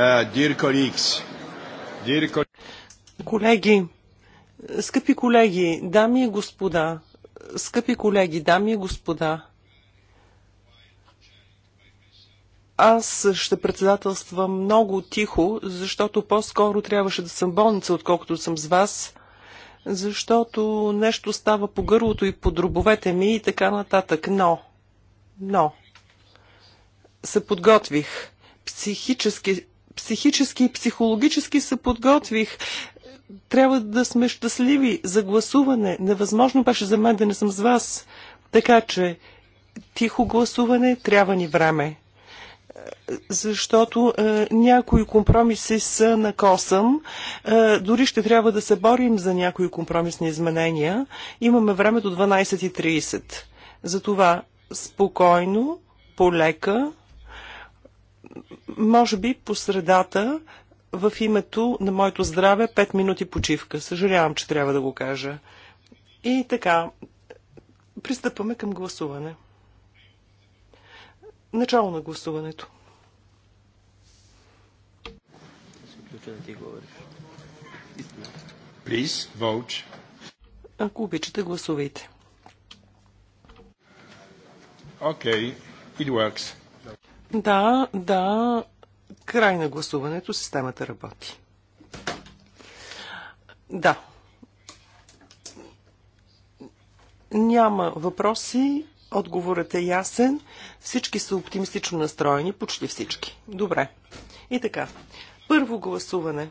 Uh, колеги, скъпи колеги, дами и господа, скъпи колеги, дами и господа, аз ще председателствам много тихо, защото по-скоро трябваше да съм болница, отколкото съм с вас, защото нещо става по гърлото и по дробовете ми и така нататък. Но, но, се подготвих психически психически и психологически се подготвих. Трябва да сме щастливи за гласуване. Невъзможно беше за мен да не съм с вас. Така че тихо гласуване трябва ни време. Защото е, някои компромиси са на косъм. Е, дори ще трябва да се борим за някои компромисни изменения. Имаме време до 12.30. Затова спокойно, полека, може би по средата в името на моето здраве 5 минути почивка. Съжалявам, че трябва да го кажа. И така, пристъпваме към гласуване. Начало на гласуването. Please vote. Ако обичате, гласувайте. Okay, it works. Да, да. Край на гласуването. Системата работи. Да. Няма въпроси. Отговорът е ясен. Всички са оптимистично настроени, почти всички. Добре. И така. Първо гласуване.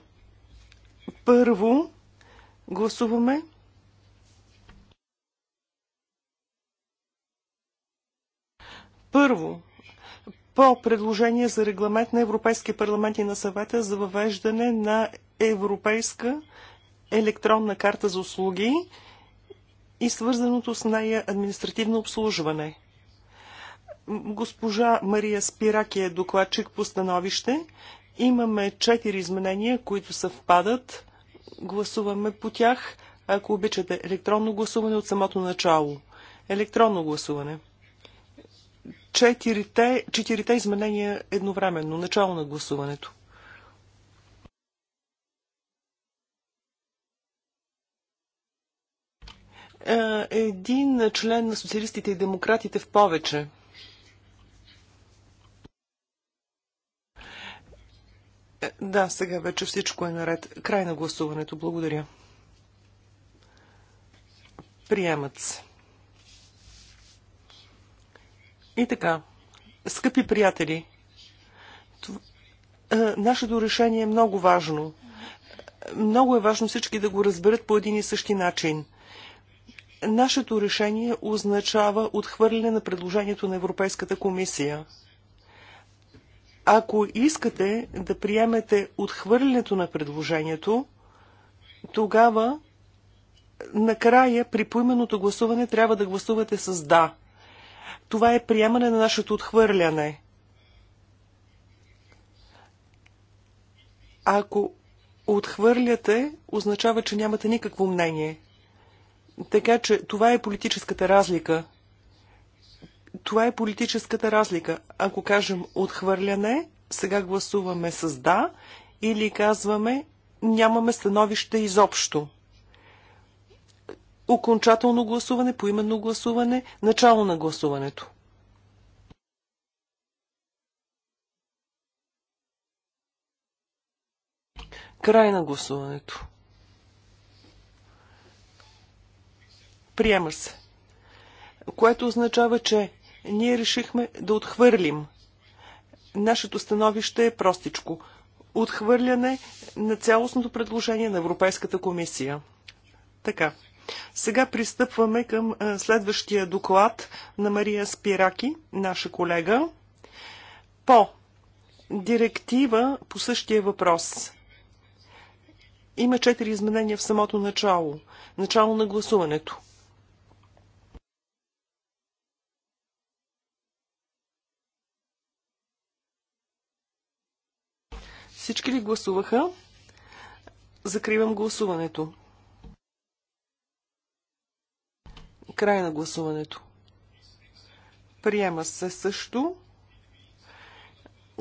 Първо гласуваме. Първо по предложение за регламент на Европейския парламент и на съвета за въвеждане на европейска електронна карта за услуги и свързаното с нея административно обслужване. Госпожа Мария Спираки е докладчик по становище. Имаме четири изменения, които съвпадат. Гласуваме по тях. Ако обичате, електронно гласуване от самото начало. Електронно гласуване четирите, четирите изменения едновременно. Начало на гласуването. Е, един член на социалистите и демократите в повече. Е, да, сега вече всичко е наред. Край на гласуването. Благодаря. Приемат се. И така, скъпи приятели, това, е, нашето решение е много важно. Много е важно всички да го разберат по един и същи начин. Нашето решение означава отхвърляне на предложението на Европейската комисия. Ако искате да приемете отхвърлянето на предложението, тогава накрая при поименото гласуване трябва да гласувате с да – това е приемане на нашето отхвърляне. Ако отхвърляте, означава, че нямате никакво мнение. Така че това е политическата разлика. Това е политическата разлика. Ако кажем отхвърляне, сега гласуваме с да или казваме нямаме становище изобщо окончателно гласуване, поименно гласуване, начало на гласуването. Край на гласуването. Приема се. Което означава, че ние решихме да отхвърлим. Нашето становище е простичко. Отхвърляне на цялостното предложение на Европейската комисия. Така. Сега пристъпваме към е, следващия доклад на Мария Спираки, наша колега, по директива по същия въпрос. Има четири изменения в самото начало. Начало на гласуването. Всички ли гласуваха? Закривам гласуването. Край на гласуването. Приема се също,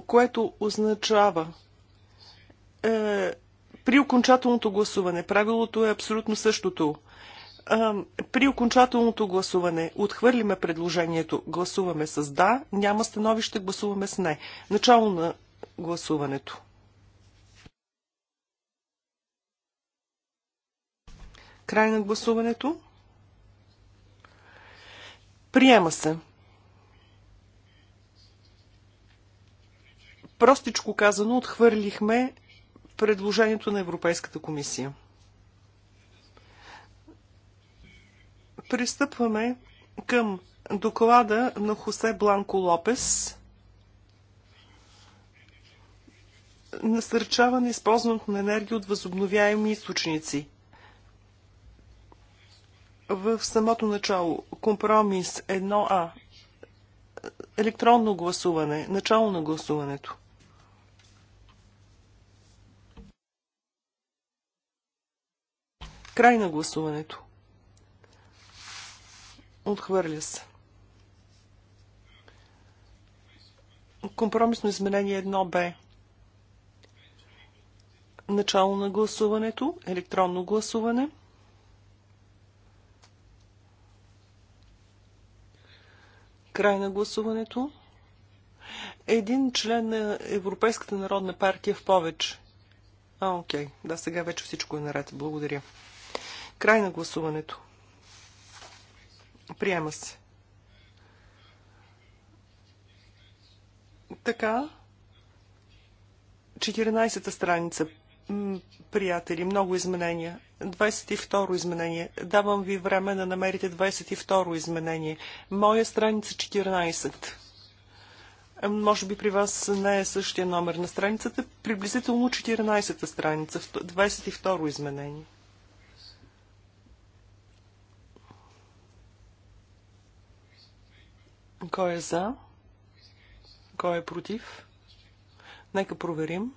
което означава е, при окончателното гласуване, правилото е абсолютно същото. Е, при окончателното гласуване отхвърлиме предложението, гласуваме с да, няма становище, гласуваме с не. Начало на гласуването. Край на гласуването. Приема се. Простичко казано, отхвърлихме предложението на Европейската комисия. Пристъпваме към доклада на Хосе Бланко Лопес. Насърчаване използването на енергия от възобновяеми източници в самото начало компромис 1А електронно гласуване, начало на гласуването. Край на гласуването. Отхвърля се. Компромисно изменение 1Б. Начало на гласуването, електронно гласуване – Край на гласуването. Един член на Европейската народна партия в повече. А, окей. Да, сега вече всичко е наред. Благодаря. Край на гласуването. Приема се. Така. 14-та страница приятели, много изменения. 22-ро изменение. Давам ви време да намерите 22-ро изменение. Моя страница 14. Може би при вас не е същия номер на страницата. Приблизително 14-та страница. 22-ро изменение. Кой е за? Кой е против? Нека проверим.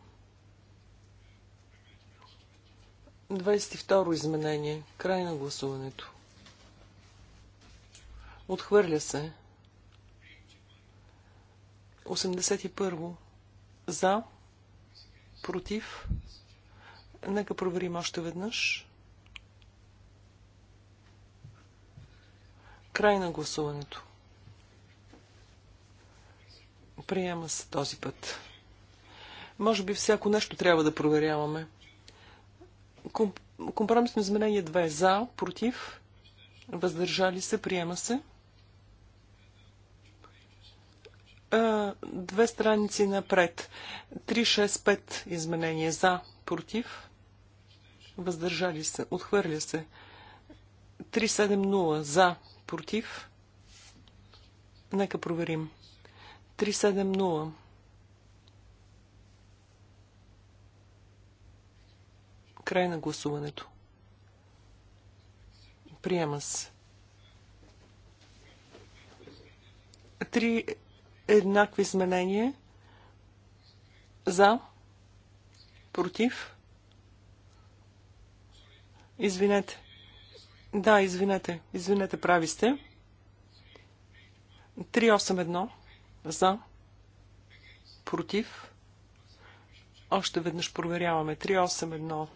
22 изменение. Край на гласуването. Отхвърля се. 81. За. Против. Нека проверим още веднъж. Край на гласуването. Приема се този път. Може би всяко нещо трябва да проверяваме. Компромисно изменение 2 е за, против, въздържали се, приема се. Две страници напред. 5 изменение за, против, въздържали се, отхвърля се. 370 за, против. Нека проверим. 370. Край на гласуването. Приема се. Три еднакви изменения. За. Против. Извинете. Да, извинете. Извинете, прави сте. 381. За. Против. Още веднъж проверяваме. 381.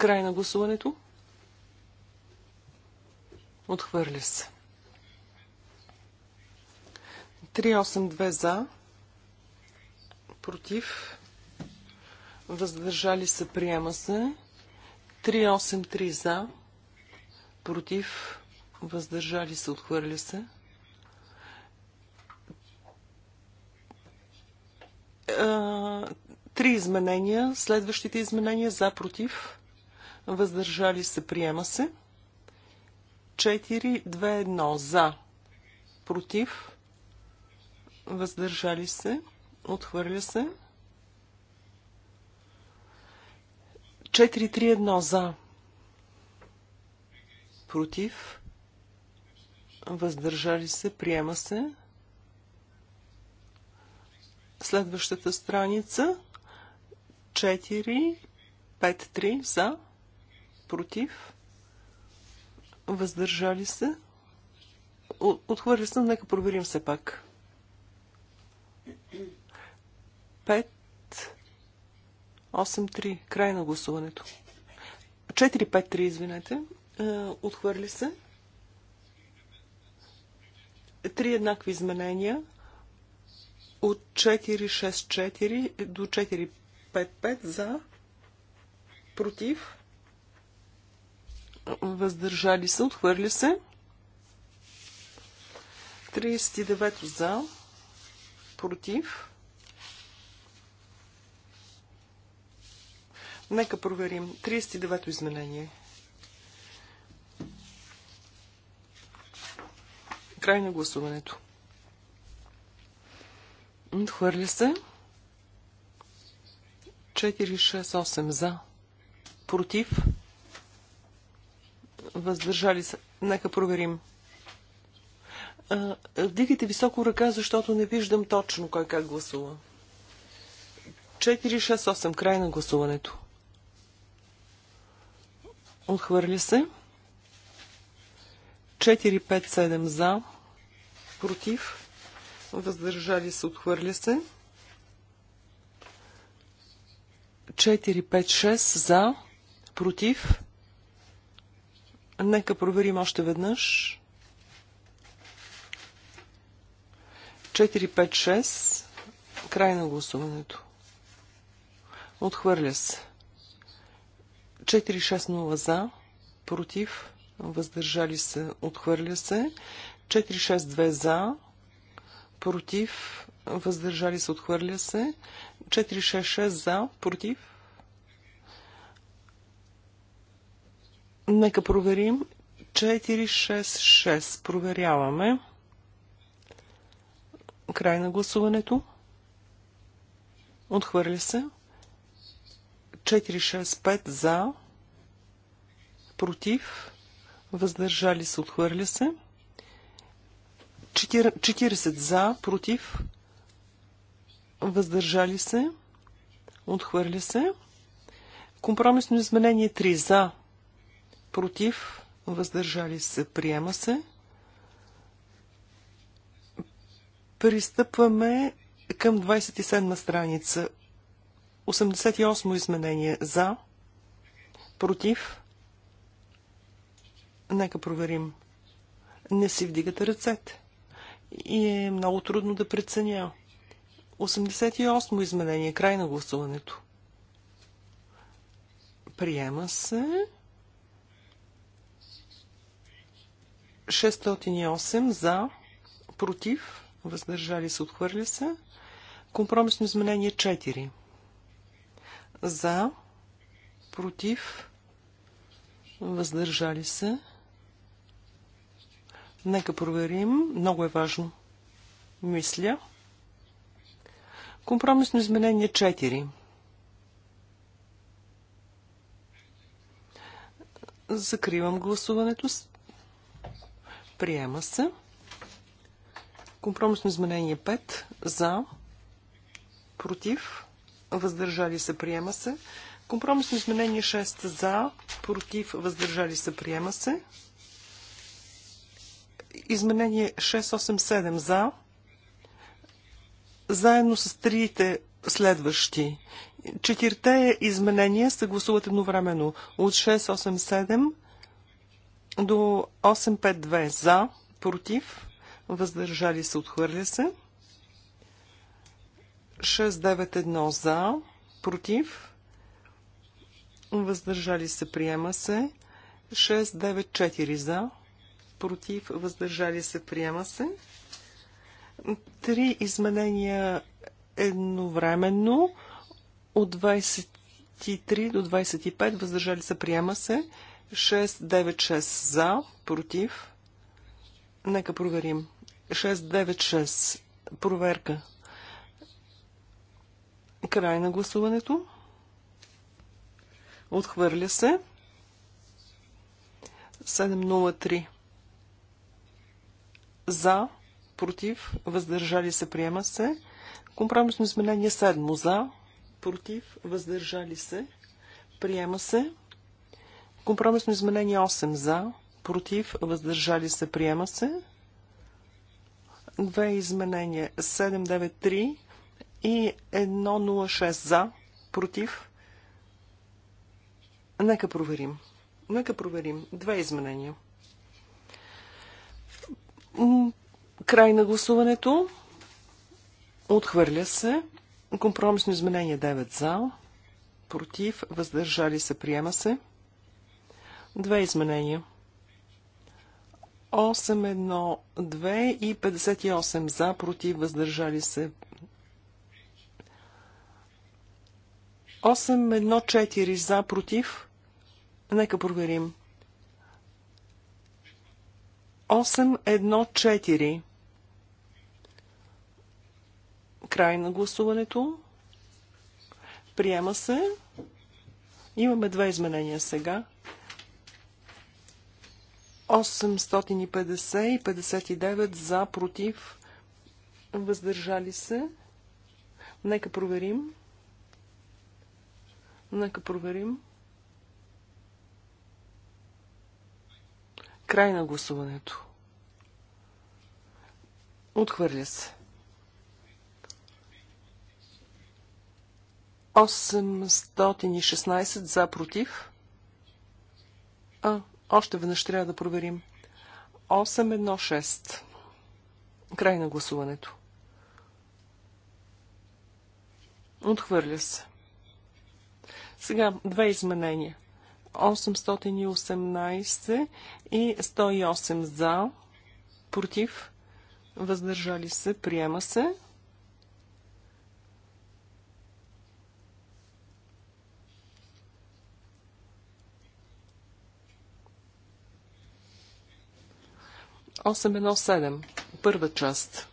Край на гласуването. Отхвърля се. 382 за. Против. Въздържали се. Приема се. 383 за. Против. Въздържали се. Отхвърля се. Три изменения. Следващите изменения за. Против въздържали се, приема се. 4-2-1 за, против, въздържали се, отхвърля се. 4-3-1 за, против, въздържали се, приема се. Следващата страница 4-5-3 за, против, въздържали се, отхвърли се, нека проверим все пак. 5, 8, 3, край на гласуването. Четири, пет, 3, извинете, е, отхвърли се. Три еднакви изменения от 4,6-4 до 4-5-5 за, против, въздържали се, отхвърля се. 39 за, против. Нека проверим. 39-то изменение. Край на гласуването. Отхвърля се. 4-6-8 за. Против въздържали се. Нека проверим. Вдигайте високо ръка, защото не виждам точно кой как гласува. 468. Край на гласуването. Отхвърля се. 457 за. Против. Въздържали се. Отхвърля се. 456 за. Против Нека проверим още веднъж. 4-5-6. Край на гласуването. Отхвърля се. 4-6-0 за. Против. Въздържали се. Отхвърля се. 4-6-2 за. Против. Въздържали се. Отхвърля се. 4-6-6 за. Против. Нека проверим. 466. Проверяваме. Край на гласуването. Отхвърля се. 465 за. Против. Въздържали се. Отхвърля се. 40 за. Против. Въздържали се. Отхвърля се. Компромисно изменение 3 за против, въздържали се, приема се. Пристъпваме към 27 страница. 88 изменение за, против. Нека проверим. Не си вдигате ръцете. И е много трудно да преценя. 88 изменение, край на гласуването. Приема се. 608 за, против, въздържали се, отхвърля се. Компромисно изменение 4. За, против, въздържали се. Нека проверим. Много е важно. Мисля. Компромисно изменение 4. Закривам гласуването. Приема се. Компромисно изменение 5. За. Против. Въздържали се. Приема се. Компромисно изменение 6. За. Против. Въздържали се. Приема се. Изменение 687. За. Заедно с трите следващи. Четирте изменения се гласуват едновременно от 687 до 852 за, против, въздържали се, отхвърля се. 691 за, против, въздържали се, приема се. 694 за, против, въздържали се, приема се. Три изменения едновременно от 23 до 25, въздържали се, приема се. 696 за, против. Нека проверим. 696. Проверка. Край на гласуването. Отхвърля се. 703. За, против, въздържали се, приема се. Компромисно изменение 7. За, против, въздържали се, приема се. Компромисно изменение 8 за, против, въздържали се, приема се. Две изменения 793 и 106 за, против. Нека проверим. Нека проверим. Две изменения. Край на гласуването. Отхвърля се. Компромисно изменение 9 за. Против. Въздържали се. Приема се. Две изменения. 8-едно, 8-1-2 и 58 за, против, въздържали се. 8-едно 4 за, против. Нека проверим. 8-едно 4. Край на гласуването. Приема се. Имаме две изменения сега. 850 и 59 за, против, въздържали се. Нека проверим. Нека проверим. Край на гласуването. Отхвърля се. 816 за против. А, още веднъж трябва да проверим. 816. Край на гласуването. Отхвърля се. Сега две изменения. 818 и 108 за, против, въздържали се, приема се. 817. Първа част.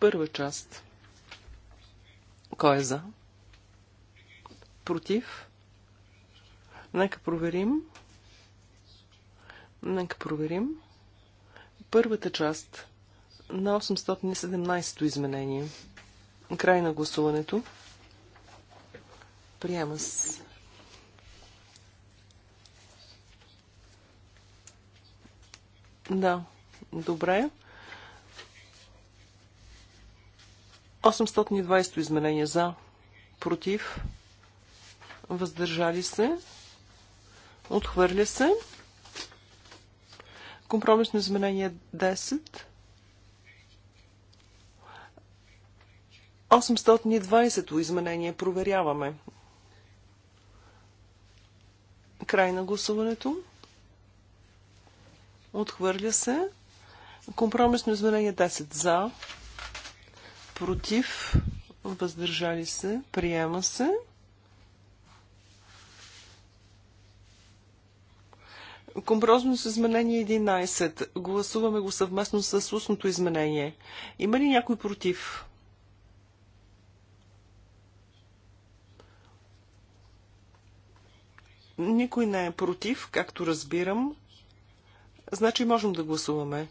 Първа част. Кой е за? Против? Нека проверим. Нека проверим. Първата част на 817 то изменение. Край на гласуването. Приема с. Да. Добре. 820 изменения за, против, въздържали се, отхвърля се. Компромисно изменение 10. 820-то изменение проверяваме. Край на гласуването. Отхвърля се. Компромисно изменение 10 за, против, въздържали се, приема се. Компромисно с изменение 11. Гласуваме го съвместно с устното изменение. Има ли някой против? Никой не е против, както разбирам. Значи можем да гласуваме.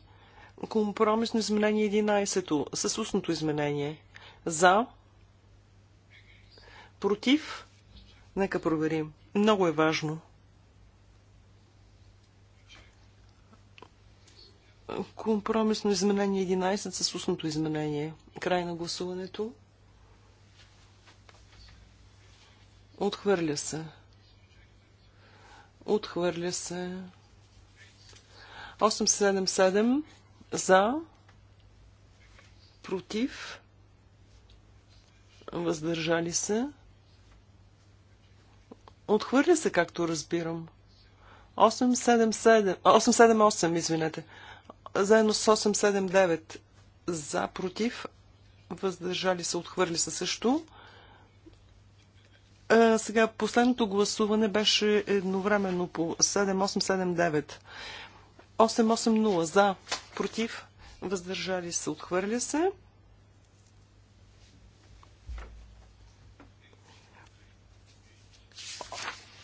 Компромисно изменение 11-то с устното изменение. За. Против. Нека проверим. Много е важно. Компромисно изменение 11 с устното изменение. Край на гласуването. Отхвърля се. Отхвърля се. 877 за. Против. Въздържали се. Отхвърля се, както разбирам. 877, 878, извинете. Заедно с 879. За, против, въздържали се, отхвърли се също. сега, последното гласуване беше едновременно по 7879. 880 за, против, въздържали се, отхвърля се.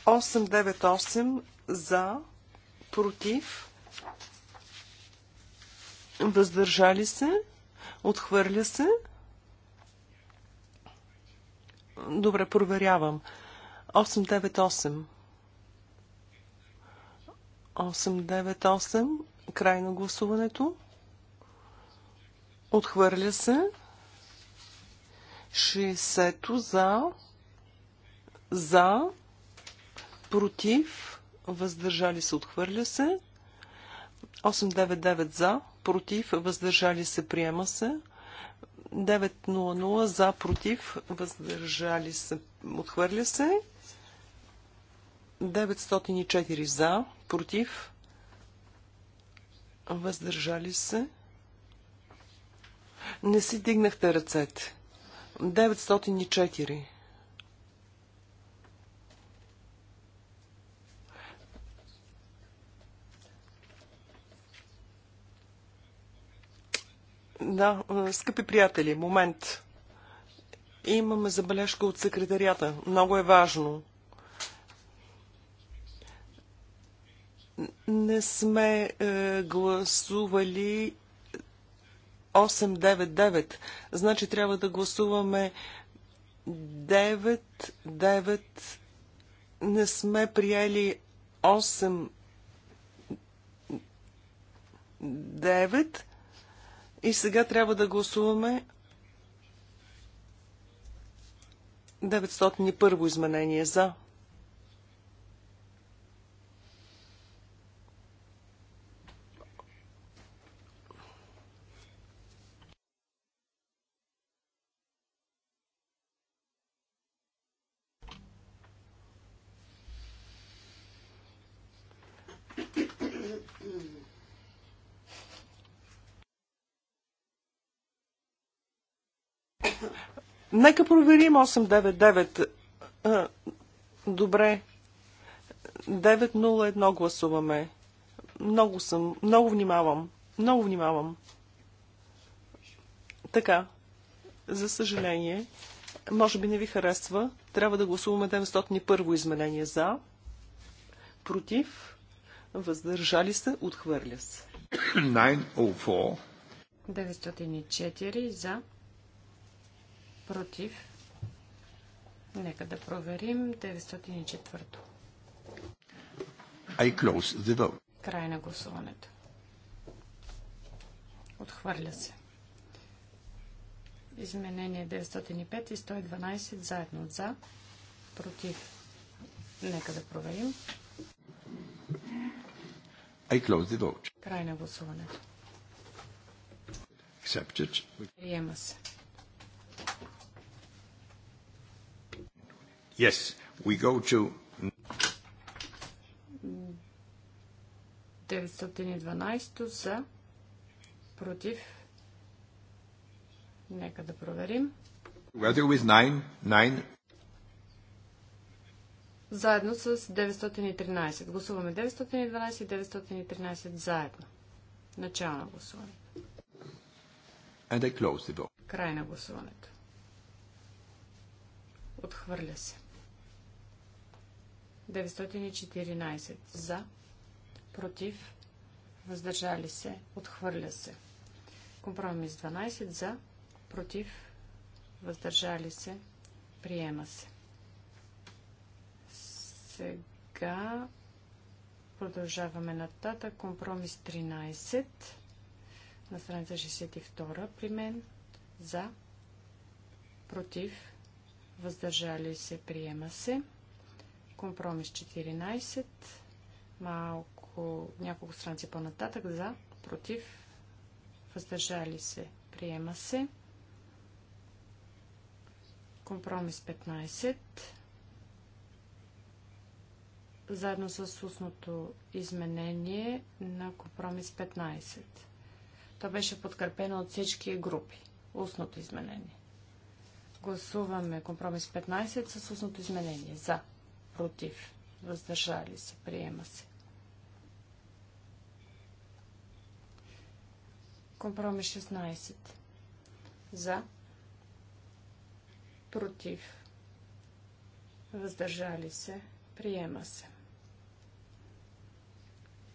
Осем девет осем за, против, въздържали се, отхвърля се. Добре, проверявам. 898. 898. Край на гласуването. Отхвърля се. 60 за. За. Против. Въздържали се. Отхвърля се. 899 за. Против. Въздържали се. Приема се. 900 за. Против. Въздържали се. Отхвърля се. 904 за, против, въздържали се. Не си дигнахте ръцете. 904. Да, е, скъпи приятели, момент. Имаме забележка от секретарията. Много е важно. не сме е, гласували 899. Значи трябва да гласуваме 9.9. Не сме приели 8 9 и сега трябва да гласуваме 901 изменение за. Нека проверим 899. Добре. 901 гласуваме. Много съм. Много внимавам. Много внимавам. Така. За съжаление, може би не ви харесва. Трябва да гласуваме 901 изменение за. Против. Въздържали се. Отхвърля се. 904. 904 за против. Нека да проверим 904. I close the vote. Край на гласуването. Отхвърля се. Изменение 905 и 112 заедно за, против. Нека да проверим. I close the vote. Край на гласуването. Accepted. Приема се. Yes, we go to... 912 за, против. Нека да проверим. Together with nine, nine. Заедно с 913. Гласуваме 912 и 913 заедно. Начало на гласуването. And I close the vote. Край на гласуването. Отхвърля се. 914 за, против, въздържали се, отхвърля се. Компромис 12 за, против, въздържали се, приема се. Сега продължаваме нататък. Компромис 13 на страница 62 при мен за, против, въздържали се, приема се. Компромис 14. Малко, няколко страници по-нататък. За, против, въздържали се, приема се. Компромис 15. Заедно с устното изменение на компромис 15. То беше подкрепено от всички групи. Устното изменение. Гласуваме компромис 15 с устното изменение. За против, въздържали се, приема се. Компромис 16. За, против, въздържали се, приема се.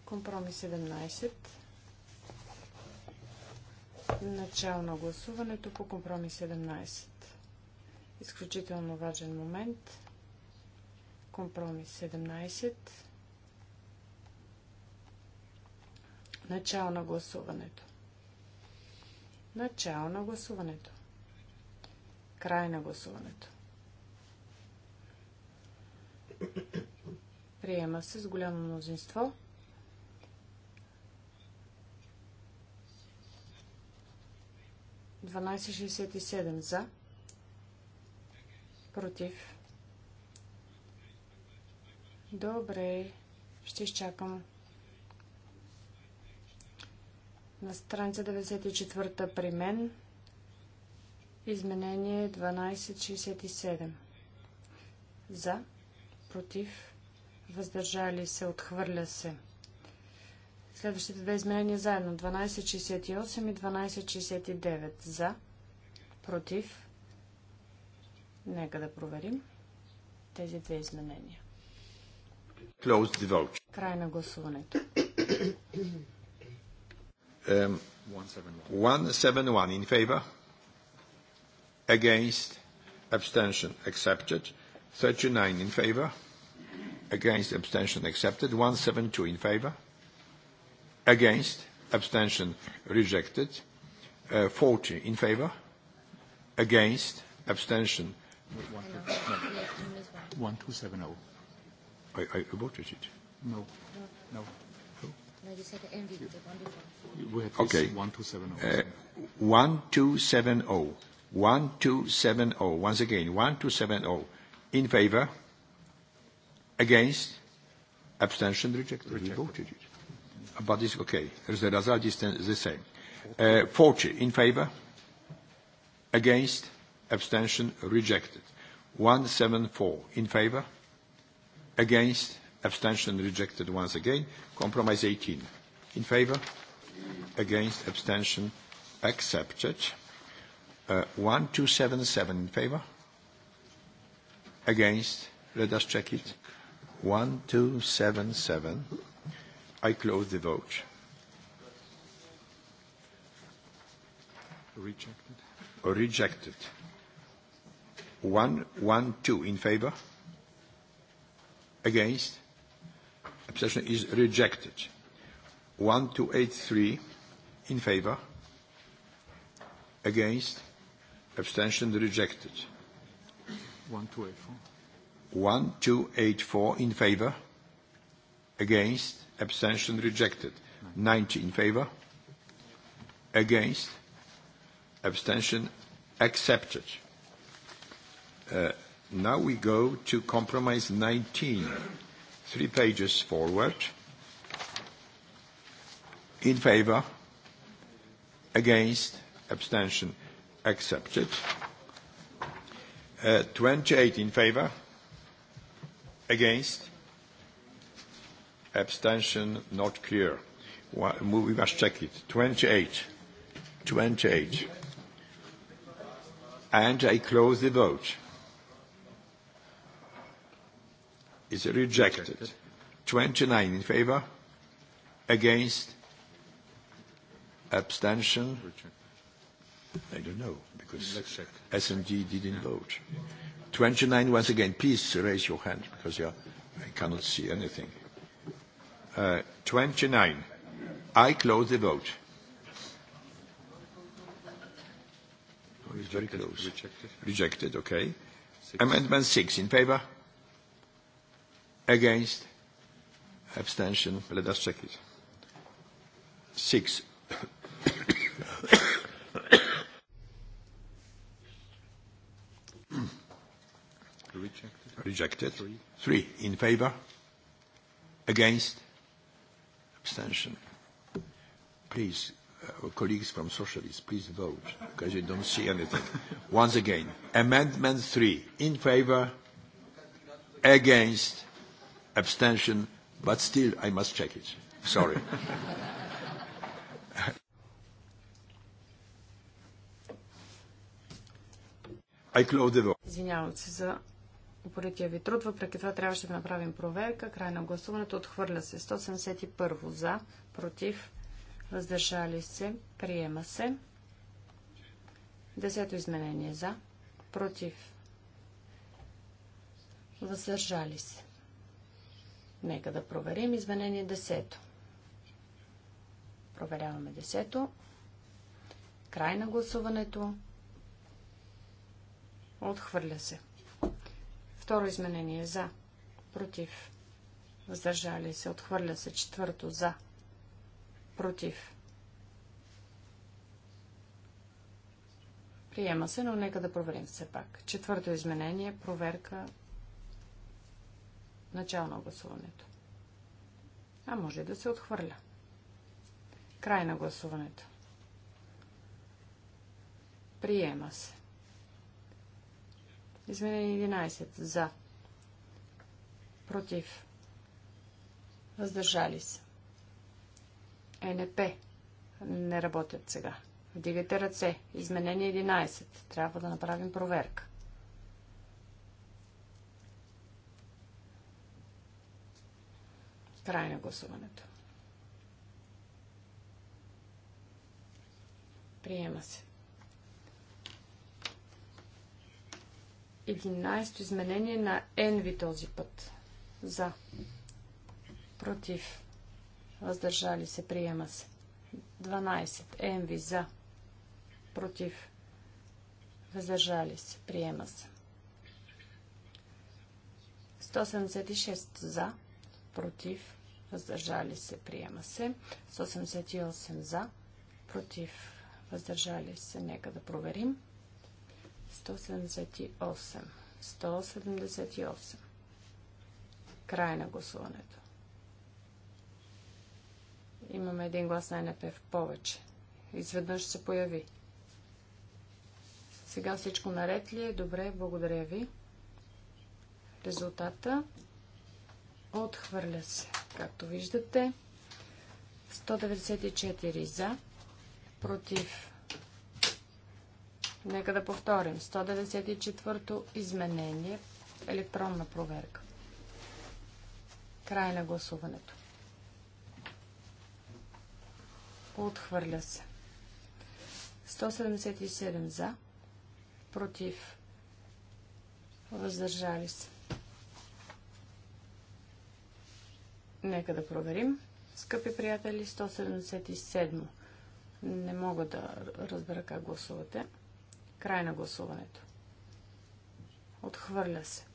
Компромис 17. Начало на гласуването по компромис 17. Изключително важен момент. Компромис 17. Начало на гласуването. Начало на гласуването. Край на гласуването. Приема се с голямо мнозинство. Дванайсет за. Против. Добре, ще изчакам. На страница 94 при мен изменение 1267. За, против, въздържали се, отхвърля се. Следващите две изменения заедно 1268 и 1269. За, против. Нека да проверим тези две изменения. Край на гласуването. 171 in favor. Against. Abstention accepted. 39 in favor. Against. Abstention accepted. 172 in favor. Against. Abstention rejected. Uh, 40 in favor. Against. Abstention. 1270. I, I voted it. No. No. Okay. two seven 1270. Once again, one two seven 1270. In favor? Against? Abstention rejected. rejected. We voted it. But it's okay. The result is the same. Uh, Forty in favor? Against? Abstention rejected. One seven four. in favor? Against. Abstention rejected once again. Compromise 18. In favor? Against. Abstention accepted. Uh, 1277 in favor? Against. Let us check it. 1277. I close the vote. Rejected. Rejected. 112 in favor? Against? Abstention is rejected. three in favor. Against? Abstention rejected. One One two two eight four. eight four in favor. Against? Abstention rejected. 90 in favor. Against? Abstention accepted. Now we go to compromise 19, three pages forward. In favor, against, abstention accepted. Uh, 28 in favor, against, abstention not clear. Well, We must check it. 28. 28. And I close the vote. is rejected. 29 in favor, against, abstention. I don't know because S&D didn't vote. 29 once again. Please raise your hand because you are, I cannot see anything. Uh, 29. I close the vote. Oh, it's very close. Rejected. Rejected. Okay. Amendment 6 in favor Against? Abstention. Let us check it. Six. Rejected. Rejected. Three. Three. In favor? Against? Abstention. Please, uh, colleagues from Socialists, please vote, because you don't see anything. Once again, Amendment 3. In favor? Against? abstention, but still I must check it. Sorry. I close the vote. Извинявам се за упорития ви труд. Въпреки това трябваше да направим проверка. Край на гласуването отхвърля се. 171 за, против, въздържали се, приема се. Десето изменение за, против, въздържали се. Нека да проверим изменение 10. Проверяваме 10. Край на гласуването. Отхвърля се. Второ изменение е за. Против. Въздържали се. Отхвърля се. Четвърто за. Против. Приема се, но нека да проверим все пак. Четвърто изменение. Проверка Начало на гласуването. А може и да се отхвърля. Край на гласуването. Приема се. Изменение 11. За. Против. Въздържали се. НП. Не работят сега. Вдигайте ръце. Изменение 11. Трябва да направим проверка. Край на гласуването. Приема се. 11 изменение на Енви този път. За. Против. Въздържали се. Приема се. 12. Енви. За. Против. Въздържали се. Приема се. 176 за против, въздържали се, приема се. 188 за, против, въздържали се, нека да проверим. 178. 178. Край на гласуването. Имаме един глас на НП в повече. Изведнъж се появи. Сега всичко наред ли е? Добре, благодаря ви. Резултата Отхвърля се. Както виждате, 194 за, против. Нека да повторим. 194-то изменение, електронна проверка. Край на гласуването. Отхвърля се. 177 за, против, въздържали се. Нека да проверим. Скъпи приятели, 177. Не мога да разбера как гласувате. Край на гласуването. Отхвърля се.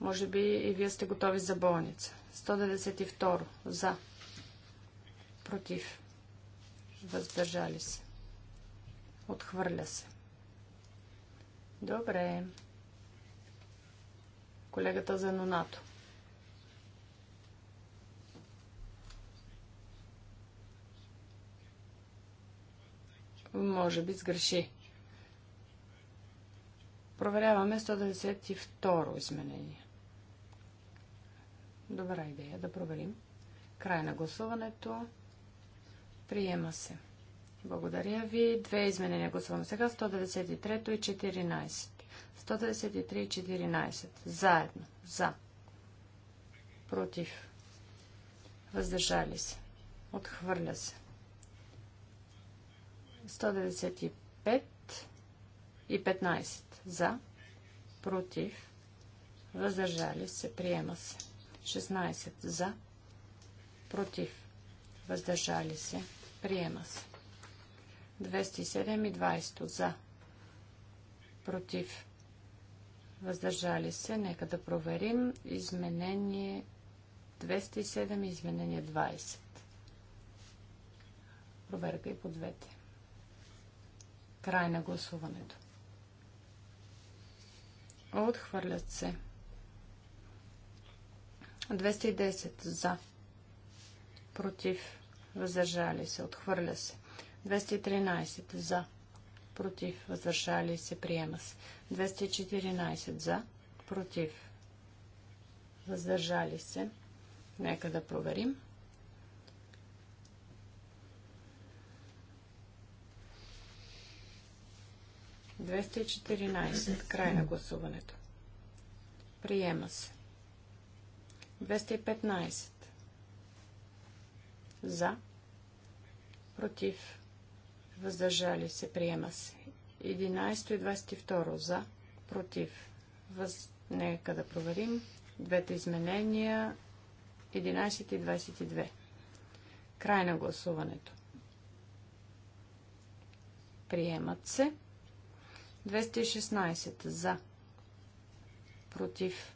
Може би и вие сте готови за болница. 192. За. Против. Въздържали се. Отхвърля се. Добре колегата за Нонато. Може би сгреши. Проверяваме 192 изменение. Добра идея да проверим. Край на гласуването. Приема се. Благодаря ви. Две изменения гласуваме сега. 193 и 14. 193 и 14. Заедно. За. Против. Въздържали се. Отхвърля се. 195 и 15. За. Против. Въздържали се. Приема се. 16. За. Против. Въздържали се. Приема се. 207 и 20. За. Против въздържали се. Нека да проверим изменение 207 и изменение 20. Проверка и по двете. Край на гласуването. Отхвърлят се. 210 за. Против. Въздържали се. Отхвърля се. 213 за против, въздържали се, приема се. 214 за, против, въздържали се. Нека да проверим. Двеста Край на гласуването. Приема се. 215. За. Против въздържали се, приема се. 11 и 22 за, против, въз... нека да проверим. Двете изменения 11 и 22. Край на гласуването. Приемат се. 216 за. Против.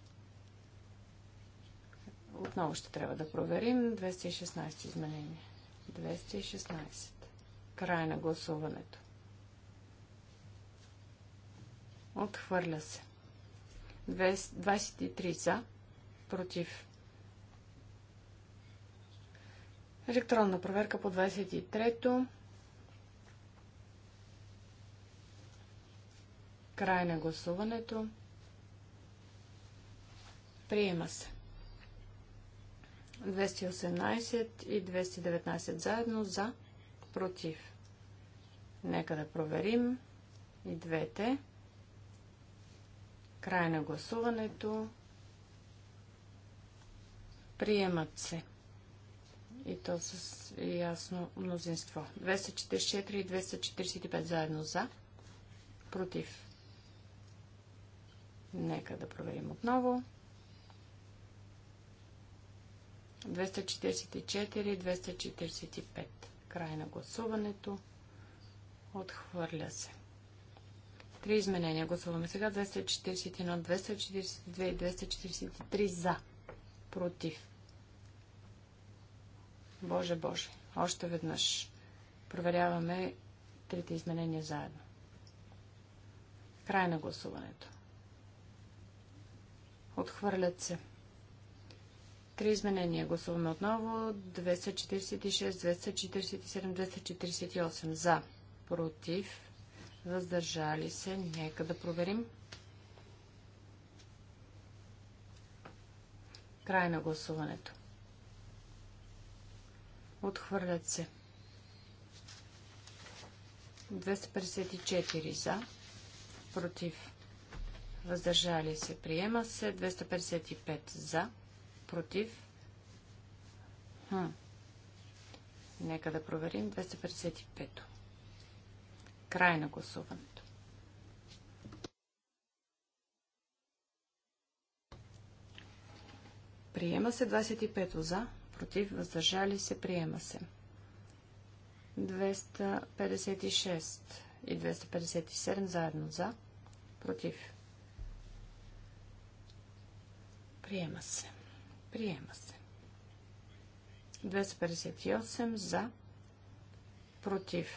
Отново ще трябва да проверим. 216 изменение. 216. Край на гласуването. Отхвърля се. 23 за, против. Електронна проверка по 23-то. Край на гласуването. Приема се. 218 и 219 заедно за, против. Нека да проверим и двете. Край на гласуването. Приемат се. И то с ясно мнозинство. 244 и 245 заедно за. Против. Нека да проверим отново. 244, 245. Край на гласуването. Отхвърля се. Три изменения гласуваме сега. 241, 242 и 243 за. Против. Боже, Боже. Още веднъж. Проверяваме трите изменения заедно. Край на гласуването. Отхвърлят се. Три изменения гласуваме отново. 246, 247, 248 за против, въздържали се. Нека да проверим. Край на гласуването. Отхвърлят се. 254 за, против, въздържали се, приема се, 255 за, против. Хм. Нека да проверим 255-то. Край на гласуването. Приема се 25 за, против, въздържали се, приема се. 256 и 257 заедно за, против. Приема се. Приема се. 258 за, против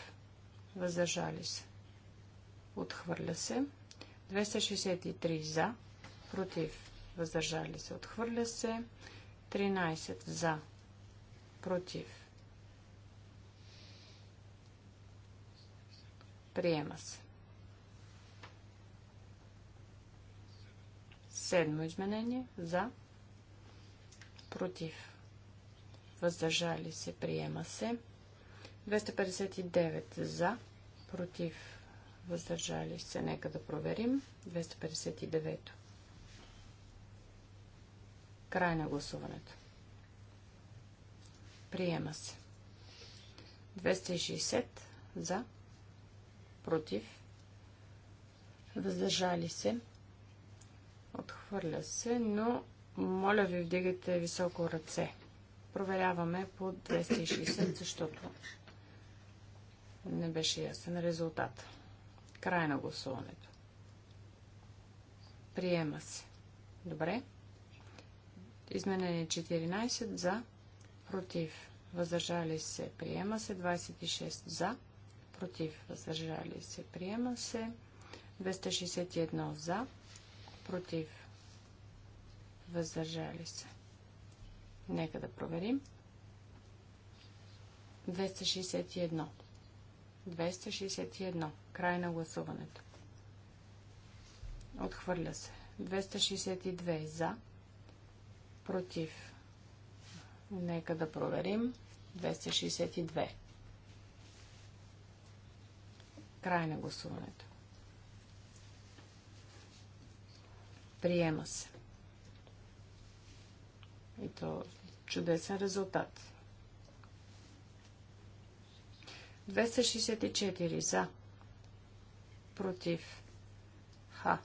въздържали се. Отхвърля се. 263 за, против, въздържали се. Отхвърля се. 13 за, против. Приема се. Седмо изменение за, против, въздържали се, приема се. 259 за, против, въздържали се. Нека да проверим. 259. Край на гласуването. Приема се. 260 за, против, въздържали се. Отхвърля се, но моля ви вдигайте високо ръце. Проверяваме по 260, защото не беше ясен резултат. Край на гласуването. Приема се. Добре. Изменение 14 за, против, въздържали се, приема се, 26 за, против, въздържали се, приема се, 261 за, против, въздържали се. Нека да проверим. 261. 261. Край на гласуването. Отхвърля се. 262 за. Против. Нека да проверим. 262. Край на гласуването. Приема се. И то чудесен резултат. 264 за. Против. Ха.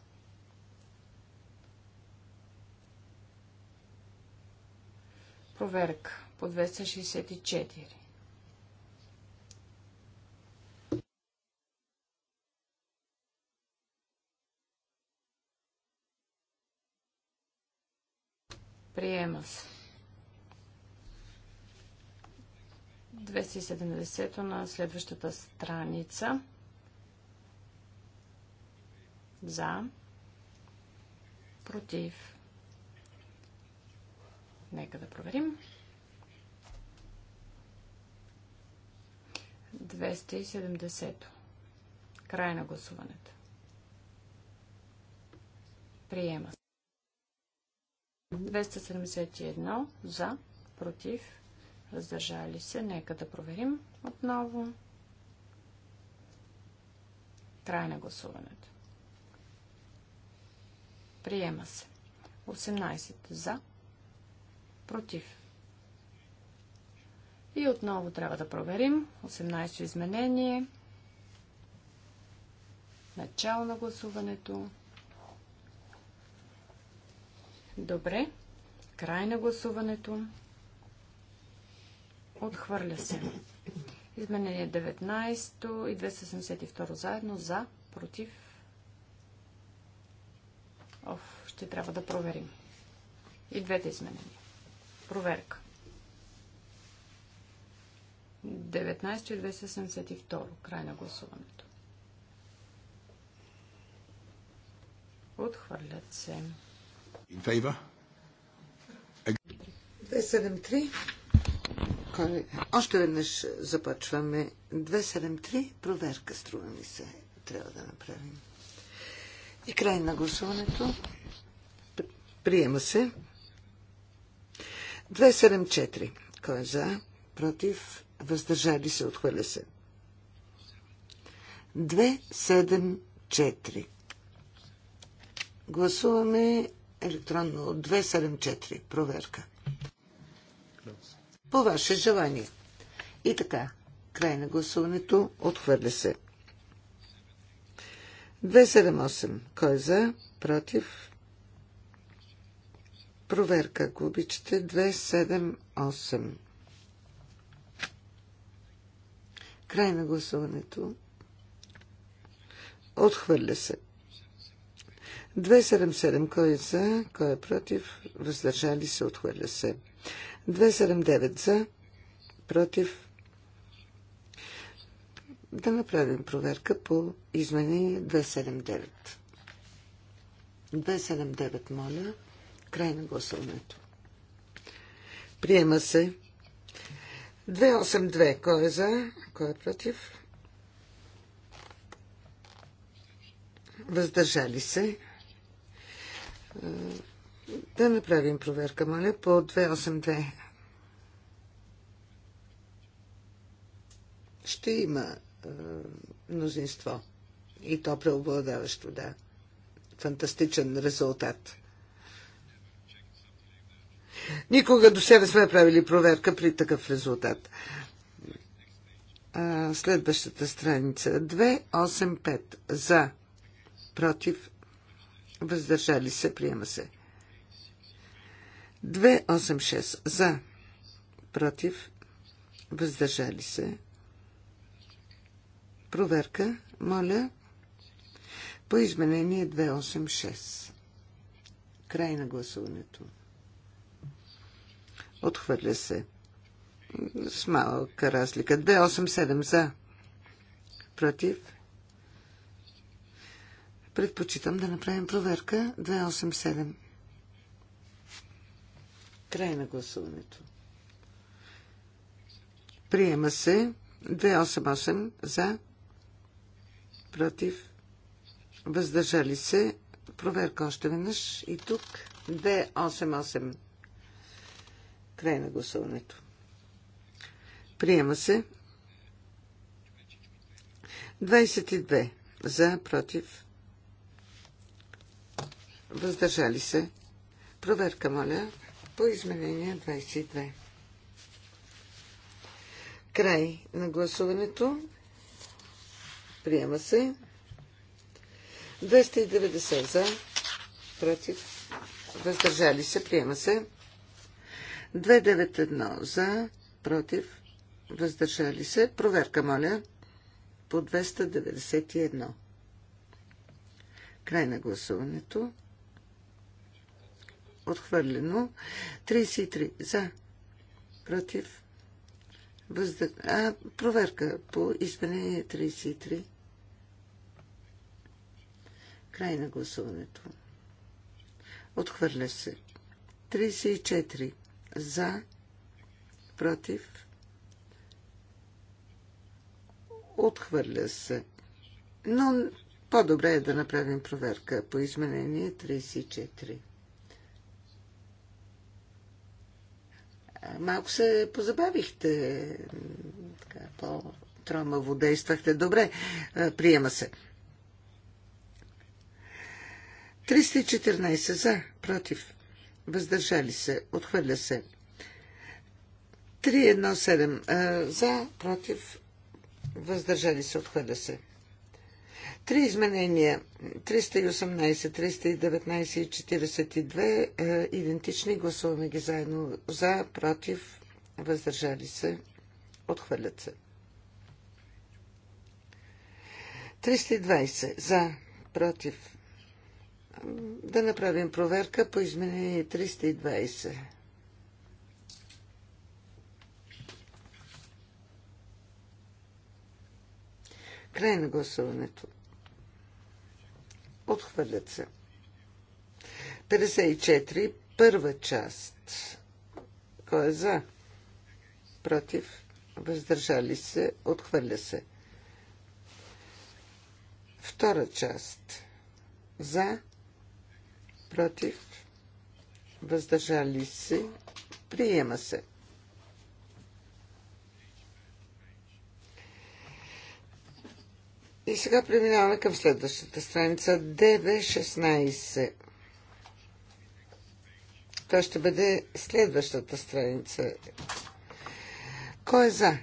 Проверка по 264. Приема се. 270 на следващата страница. За. Против. Нека да проверим. 270. Край на гласуването. Приема. 271 за, против, въздържали се. Нека да проверим отново. Край на гласуването. Приема се. 18 за, против. И отново трябва да проверим 18 изменение. Начало на гласуването. Добре. Край на гласуването. Отхвърля се. Изменение 19 и 272 заедно за, против. Оф, ще трябва да проверим. И двете изменения. Проверка. 19 и 272. Край на гласуването. Отхвърлят се. In favor? 273 кой... Още веднъж започваме. 273, проверка струва ми се. Трябва да направим. И край на гласуването. Приема се. 274. Кой е за? Против? Въздържали се? Отхвърля се. 274. Гласуваме електронно 274. Проверка. Close. По ваше желание. И така, край на гласуването, отхвърля се. 278. Кой е за? Против? Проверка, ако обичате. 278. Край на гласуването. Отхвърля се. 277. Кой е за? Кой е против? Въздържали се? Отхвърля се. 279 за, против. Да направим проверка по изменение 279. 279, моля. Край на гласуването. Приема се. 282. Кой е за? Кой е против? Въздържали се. Е, да направим проверка, моля, по 282. ще има е, мнозинство. И то преобладаващо, да. Фантастичен резултат. Никога до сега сме правили проверка при такъв резултат. А, следващата страница. 285. За. Против. Въздържали се. Приема се. 286. За. Против. Въздържали се. Проверка, моля, по изменение 286. Край на гласуването. Отхвърля се. С малка разлика. 287 за. Против. Предпочитам да направим проверка. 287. Край на гласуването. Приема се 288 за против, въздържали се. Проверка още веднъж и тук 288. Край на гласуването. Приема се. 22 за, против, въздържали се. Проверка, моля, по изменение 22. Край на гласуването. Приема се. 290 за. Против. Въздържали се. Приема се. 291 за. Против. Въздържали се. Проверка, моля. По 291. Край на гласуването. Отхвърлено. 33 за. Против. А, проверка по изменение 33. Край на гласуването. Отхвърля се. 34. За. Против. Отхвърля се. Но по-добре е да направим проверка по изменение 34. Малко се позабавихте, така, по-тромаво действахте. Добре, приема се. 314 за, против, въздържали се, отхвърля се. 317 за, против, въздържали се, отхвърля се. Три изменения 318, 319 и 42 е, идентични. Гласуваме ги заедно за, против, въздържали се, отхвърлят се. 320 за, против. Да направим проверка по изменение 320. Край на гласуването. Отхвърлят се. 54. Първа част. Кой е за? Против. Въздържали се. Отхвърля се. Втора част. За. Против. Въздържали се. Приема се. И сега преминаваме към следващата страница DB16. Това ще бъде следващата страница. Кой е за?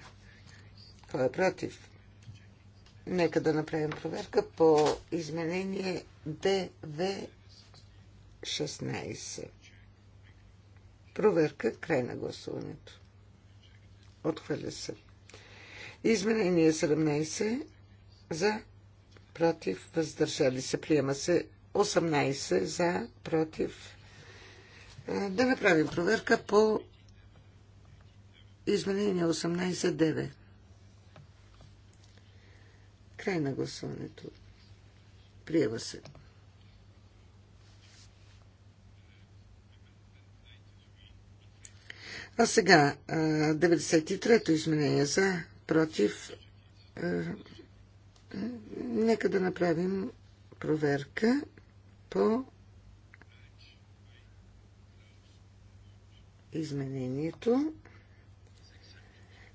Кой е против? Нека да направим проверка по изменение DV16. Проверка край на гласуването. Отхвърля се. Изменение 17 за, против, въздържали се. Приема се 18 за, против. Да направим проверка по изменение 18, 9. Край на гласуването. Приема се. А сега 93-то изменение за, против, Нека да направим проверка по изменението.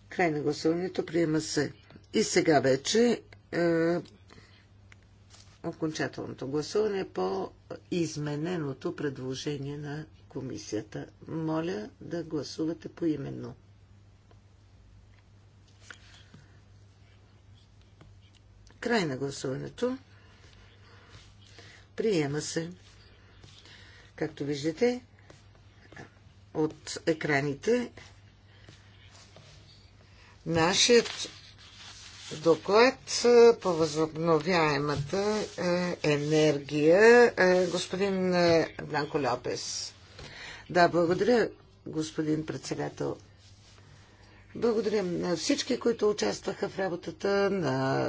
Край на гласуването приема се. И сега вече е, окончателното гласуване по измененото предложение на комисията. Моля да гласувате поименно. Край на гласуването. Приема се. Както виждате, от екраните нашият доклад по възобновяемата енергия. Господин Бlanко Лопес. Да, благодаря, господин председател. Благодаря на всички, които участваха в работата, на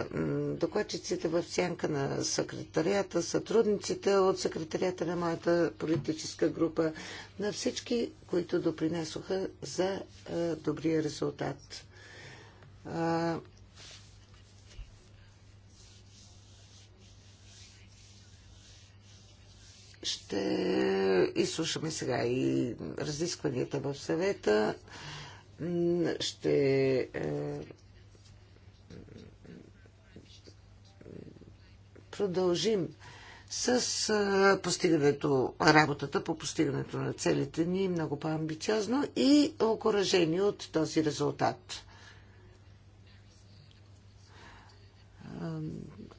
докладчиците в сянка, на секретарията, сътрудниците от секретарията на моята политическа група, на всички, които допринесоха за добрия резултат. Ще изслушаме сега и разискванията в съвета ще е, продължим с е, постигането, работата по постигането на целите ни много по-амбициозно и окоръжени от този резултат.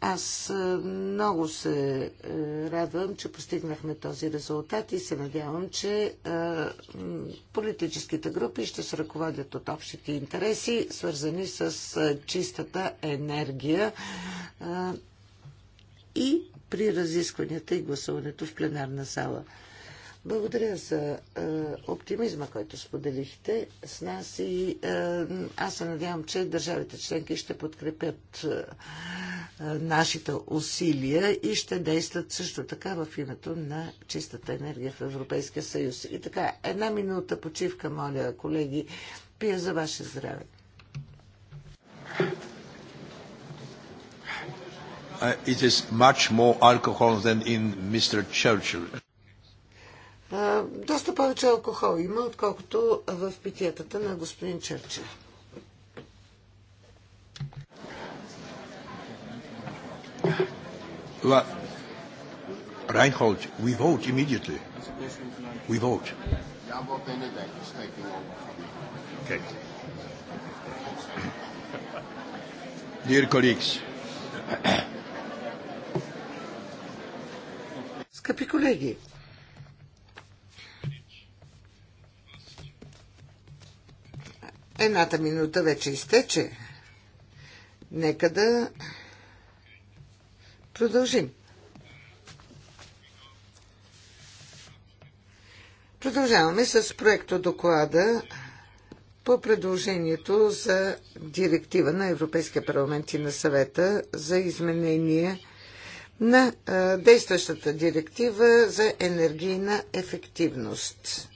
Аз е, много се е, радвам, че постигнахме този резултат и се надявам, че е, политическите групи ще се ръководят от общите интереси, свързани с чистата енергия и при разискванията и гласуването в пленарна сала. Благодаря за е, оптимизма, който споделихте с нас и е, аз се надявам, че държавите членки ще подкрепят е, е, нашите усилия и ще действат също така в името на чистата енергия в Европейския съюз. И така, една минута почивка, моля, колеги, пия за ваше здраве. Uh, it is much more alcohol than in Mr. Churchill доста повече алкохол има, отколкото в питиетата на господин Черчил. Райнхолд, we vote immediately. We vote. Okay. Dear colleagues, Скъпи колеги, Едната минута вече изтече. Нека да продължим. Продължаваме с проекто доклада по предложението за директива на Европейския парламент и на съвета за изменение на действащата директива за енергийна ефективност.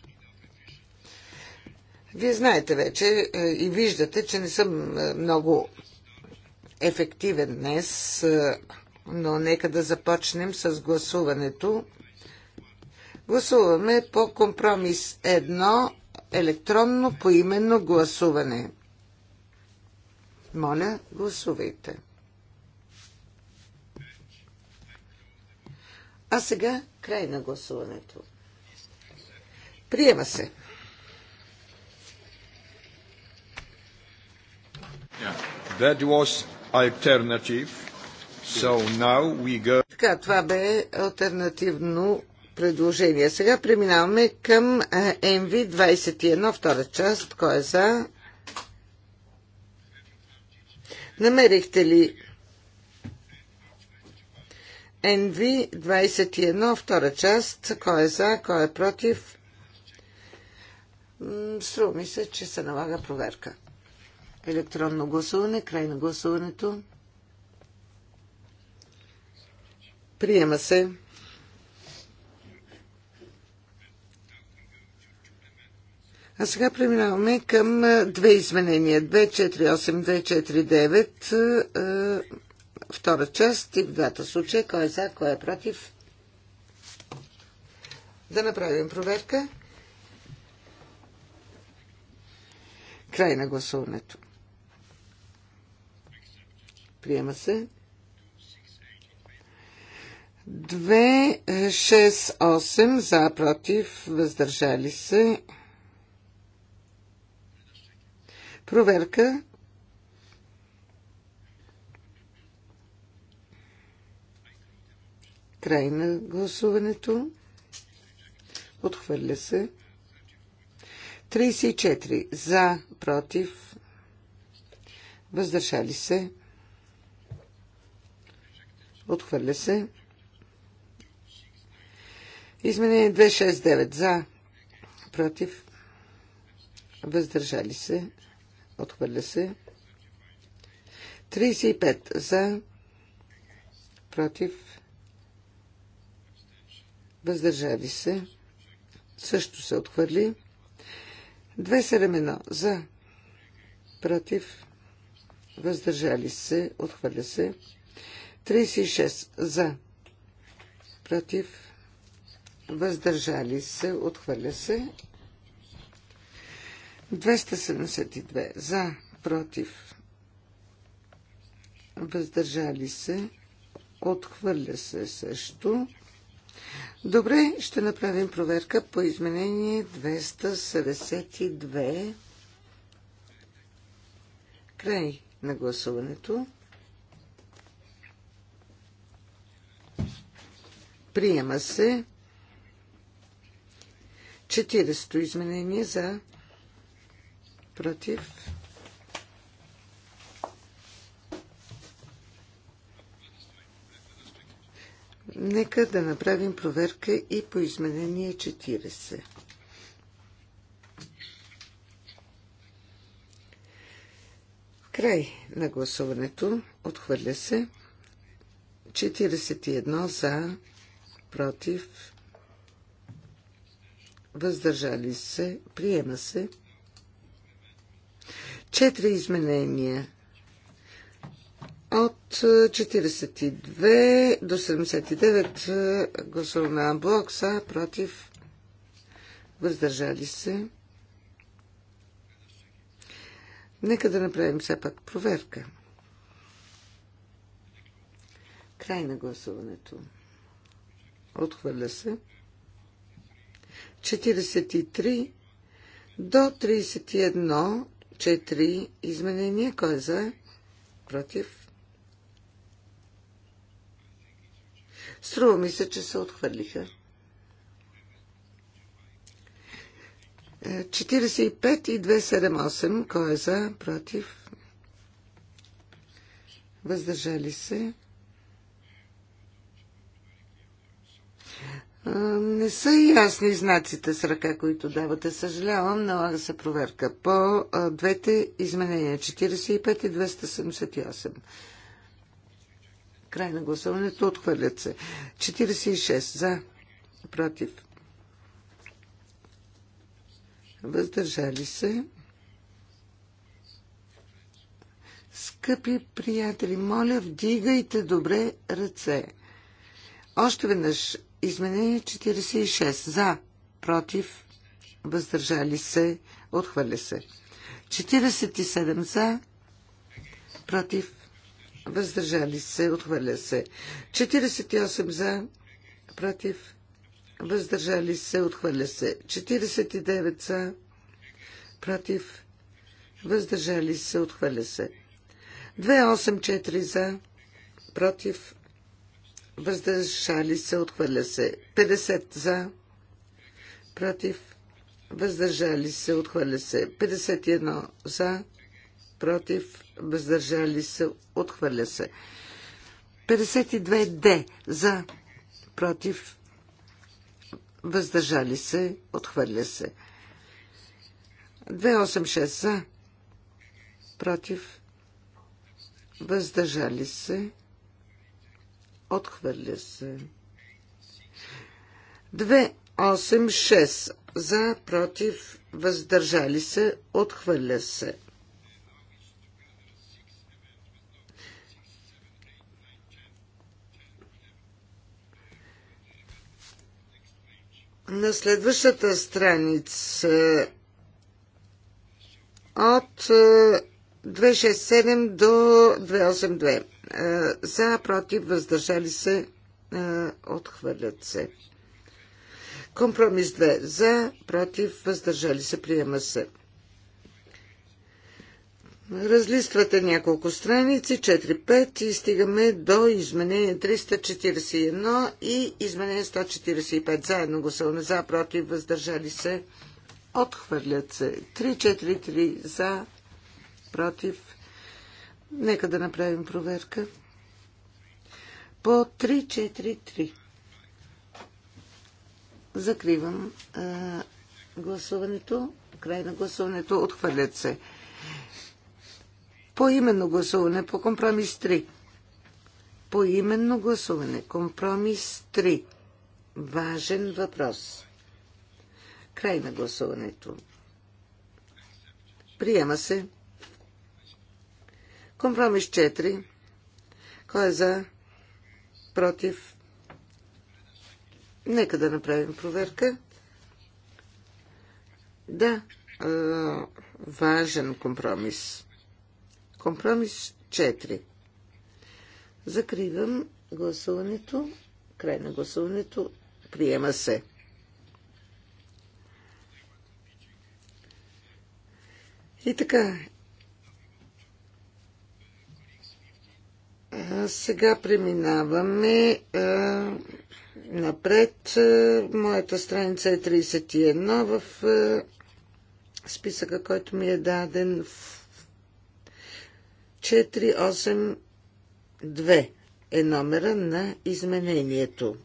Вие знаете вече е, и виждате, че не съм е, много ефективен днес, е, но нека да започнем с гласуването. Гласуваме по компромис 1 електронно поименно гласуване. Моля, гласувайте. А сега край на гласуването. Приема се. That was alternative. So now we go... Така, това бе альтернативно предложение. Сега преминаваме към MV21, е, втора част. Кой е за? Намерихте ли NV21, втора част? Кой е за? Кой е против? Струва ми се, че се налага проверка. Електронно гласуване. Край на гласуването. Приема се. А сега преминаваме към две изменения. 248, 249. Втора част и в двата случая. Кой е за, кой е против? Да направим проверка. Край на гласуването. Приема се. 268 е, за, против, въздържали се. Проверка. Край на гласуването. Отхвърля се. 34 за, против, въздържали се. Отхвърля се. Изменение 269 за. Против. Въздържали се. Отхвърля се. 35 за. Против. Въздържали се. Също се отхвърли. 271 за. Против. Въздържали се. Отхвърля се. 36 за. Против. Въздържали се. Отхвърля се. 272 за. Против. Въздържали се. Отхвърля се също. Добре, ще направим проверка по изменение 272. Край на гласуването. Приема се. 40-то изменение за против. Нека да направим проверка и по изменение 40. Край на гласуването. Отхвърля се. 41 за, против, въздържали се, приема се. Четири изменения от 42 до 79 е, гласуваме на блок са против, въздържали се. Нека да направим все пак проверка. Край на гласуването. Отхвърля се. 43 до 31, 4 изменения. Кой е за? Против. Струва ми се, че се отхвърлиха. 45 и 278. Кой е за? Против. Въздържали се. Не са ясни знаците с ръка, които давате. Съжалявам, налага се проверка по двете изменения 45 и 278. Край на гласуването отхвърлят се. 46 за, против. Въздържали се. Скъпи приятели, моля, вдигайте добре ръце. Още веднъж Изменение 46. За. Против. Въздържали се. Отхвърля се. 47 за. Против. Въздържали се. Отхвърля се. 48 за. Против. Въздържали се. Отхвърля се. 49 за. Против. Въздържали се. Отхвърля се. 284 за. Против въздържали се, отхвърля се. 50 за, против, въздържали се, отхвърля се. 51 за, против, въздържали се, отхвърля се. 52 Д за, против, въздържали се, отхвърля се. 286 за, против, въздържали се, Отхвърля се. 286 за, против, въздържали се, отхвърля се. На следващата страница от 267 е, до 282. Е, за, против, въздържали се, е, отхвърлят се. Компромис 2. За, против, въздържали се, приема се. Разлиствате няколко страници, 4-5 и стигаме до изменение 341 и изменение 145. Заедно гласуваме за, против, въздържали се, отхвърлят се. 3-4-3 за, против, Нека да направим проверка. По 3-4-3. Закривам а, гласуването. Край на гласуването. Отхвърлят се. По именно гласуване по компромис 3. По именно гласуване. Компромис 3. Важен въпрос. Край на гласуването. Приема се. Компромис 4. Кой е за? Против? Нека да направим проверка. Да, е, важен компромис. Компромис 4. Закривам гласуването. Край на гласуването. Приема се. И така, Сега преминаваме напред. Моята страница е 31 в списъка, който ми е даден в 482 е номера на изменението.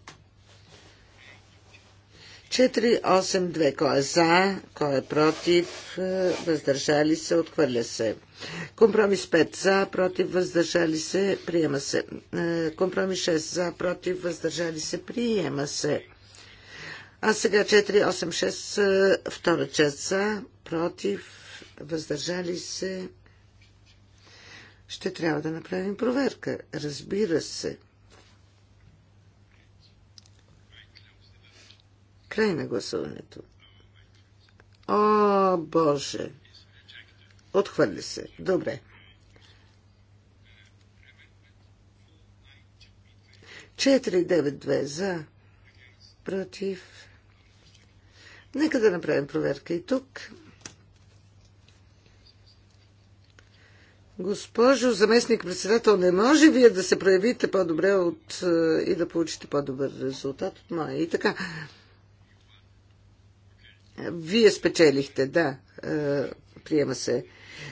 482. Кой е за, кой е против, въздържали се, отхвърля се. Компромис 5 за, против, въздържали се, приема се. Е, компромис 6 за, против, въздържали се, приема се. А сега 486, е, втора част за, против, въздържали се. Ще трябва да направим проверка, разбира се. Край на гласуването. О, Боже! Отхвърли се. Добре. две за. Против. Нека да направим проверка и тук. Госпожо заместник председател, не може вие да се проявите по-добре от, е, и да получите по-добър резултат от моя. И така. Вие спечелихте, да. Е, приема се.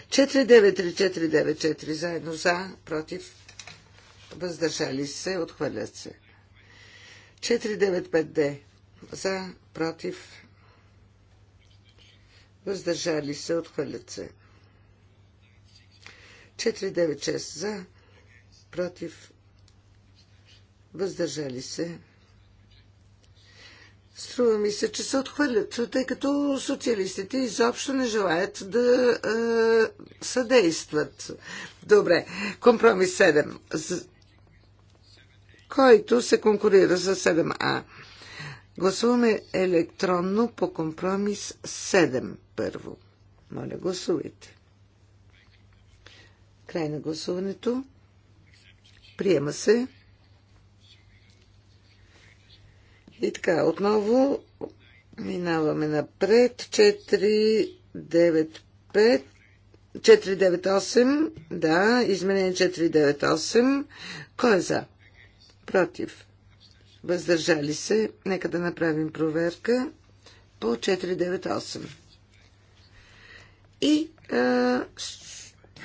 493-494 заедно за, против, въздържали се, отхвърлят се. 495D за, против, въздържали се, отхвърлят се. 496 за, против, въздържали се, Струва ми се, че се отхвърлят, тъй като социалистите изобщо не желаят да е, съдействат. Добре, компромис 7, който се конкурира за 7А. Гласуваме електронно по компромис 7 първо. Моля, гласувайте. Край на гласуването. Приема се. И така, отново минаваме напред. 4, 9, 5. 498, да, изменение 4 498. Кой е за? Против. Въздържали се. Нека да направим проверка по 4 498. И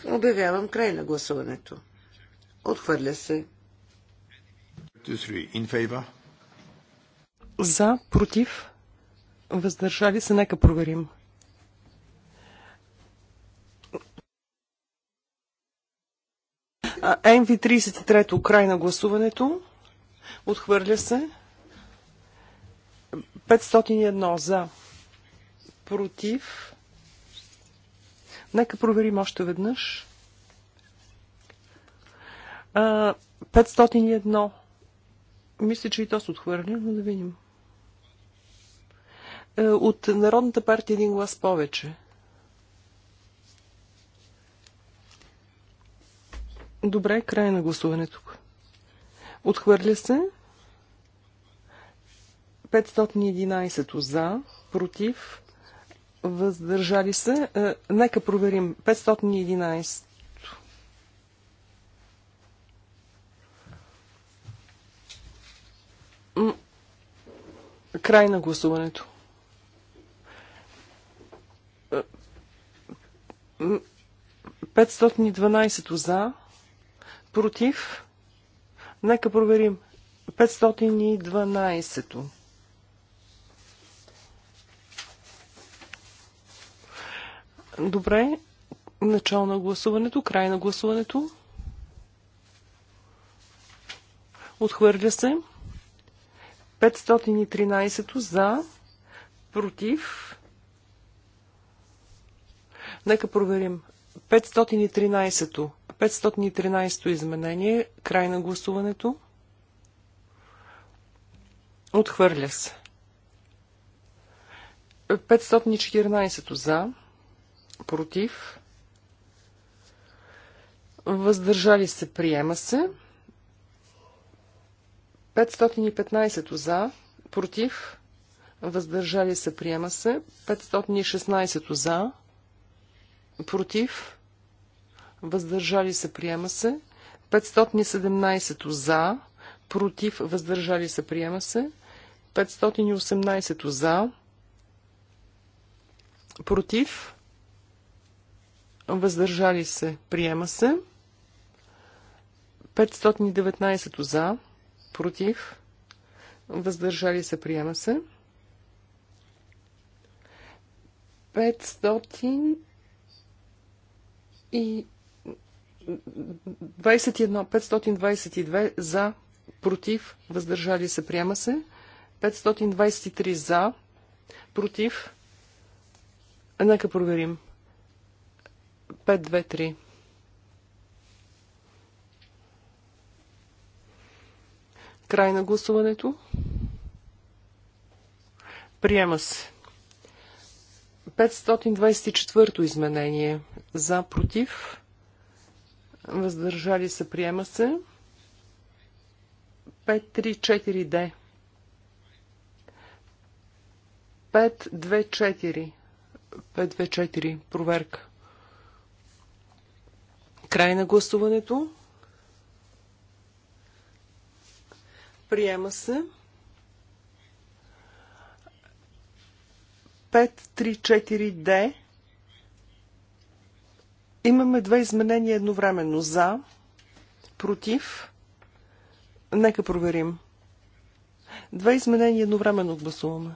е, обявявам край на гласуването. Отхвърля се. 2, 3. In favor. За, против, въздържали се, нека проверим. МВ-33 край на гласуването. Отхвърля се. 501 за. Против. Нека проверим още веднъж. 501. Мисля, че и то се отхвърля, но да видим. Е, от Народната партия един глас повече. Добре, край на гласуването. Отхвърля се. 511 за, против, въздържали се. Е, нека проверим. 511. Край на гласуването. 512 за, против. Нека проверим. 512. Добре. Начало на гласуването, край на гласуването. Отхвърля се. 513 за, против. Нека проверим. 513-то. 513-то изменение. Край на гласуването. Отхвърля се. 514 за, против, въздържали се, приема се. 515 за, против, въздържали се, приема се. 516 за, против, въздържали се, приема се. 517 за, против, въздържали се, приема се. 518 за, против, въздържали се, приема се. 519 за, против, въздържали се, приема се. 500 и 21, 522 за, против, въздържали се, приема се. 523 за, против. Нека проверим. 523. Край на гласуването. Приема се. 524 изменение за против, въздържали се, приема се. 5-3-4-D. 5-2-4. Проверка. Край на гласуването. Приема се. 5-3-4-D. Имаме две изменения едновременно. За, против. Нека проверим. Две изменения едновременно гласуваме.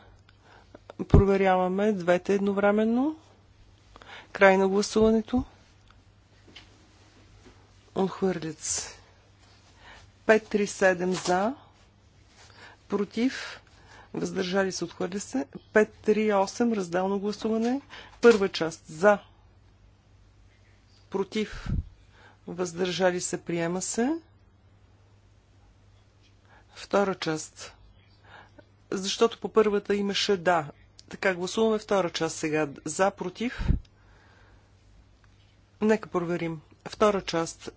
Проверяваме двете едновременно. Край на гласуването. Отхвърлят се. 537 за. Против. Въздържали се. Отхвърля се. 538 разделно гласуване. Първа част за против, въздържали се, приема се. Втора част. Защото по първата имаше да. Така, гласуваме втора част сега. За, против. Нека проверим. Втора част.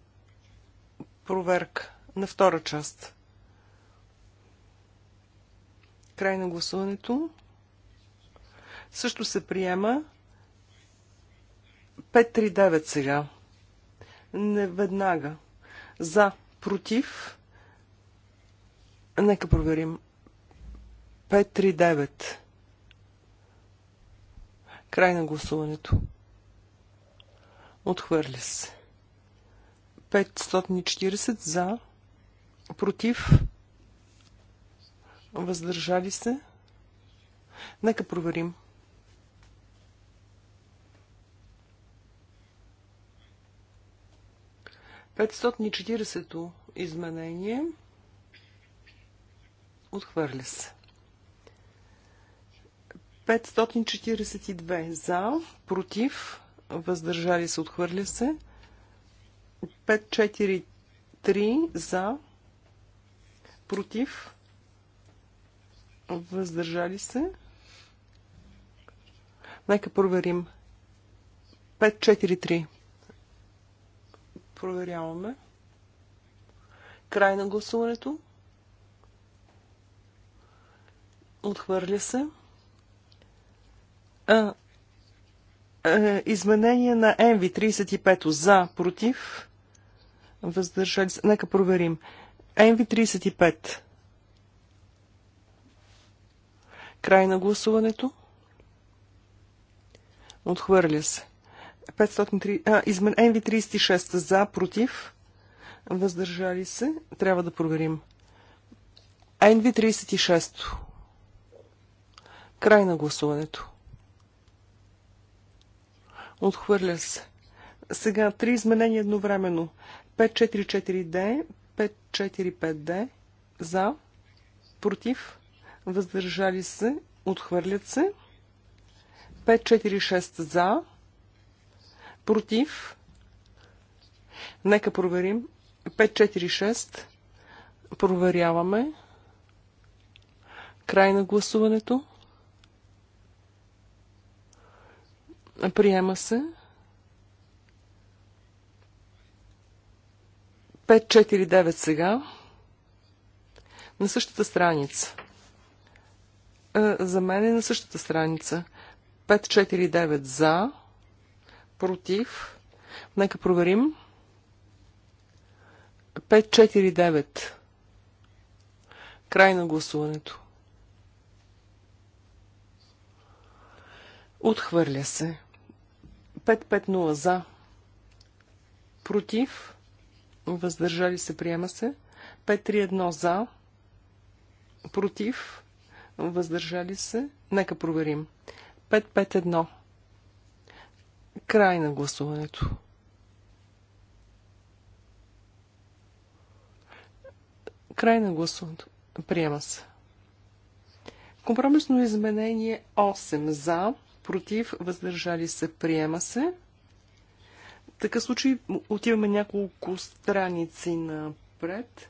Проверка на втора част. Край на гласуването. Също се приема. 539 сега. Не веднага. За, против. Нека проверим. 539. Край на гласуването. Отхвърля се. 540 за, против, въздържали се. Нека проверим. 539. 540-то изменение отхвърля се. 542 за, против, въздържали се, отхвърля се. 543 за, против, въздържали се. Нека проверим. 543. Проверяваме. Край на гласуването. Отхвърля се. А, а, изменение на МВ 35 за, против. Въздържали се. Нека проверим. МВ 35. Край на гласуването. Отхвърля се нв 36 за, против, въздържали се. Трябва да проверим. НВ 36 Край на гласуването. Отхвърля се. Сега три изменения едновременно. 544D, 545D, за, против, въздържали се, отхвърлят се. 546 за, против. Нека проверим. 5-4-6. Проверяваме. Край на гласуването. Приема се. 5-4-9 сега. На същата страница. Е, за мен е на същата страница. 5-4-9 за против. Нека проверим. 549. Край на гласуването. Отхвърля се. 550 за. Против. Въздържали се. Приема се. 531 за. Против. Въздържали се. Нека проверим. 551. Край на гласуването. Край на гласуването. Приема се. Компромисно изменение 8 за, против, въздържали се, приема се. В такъв случай отиваме няколко страници напред.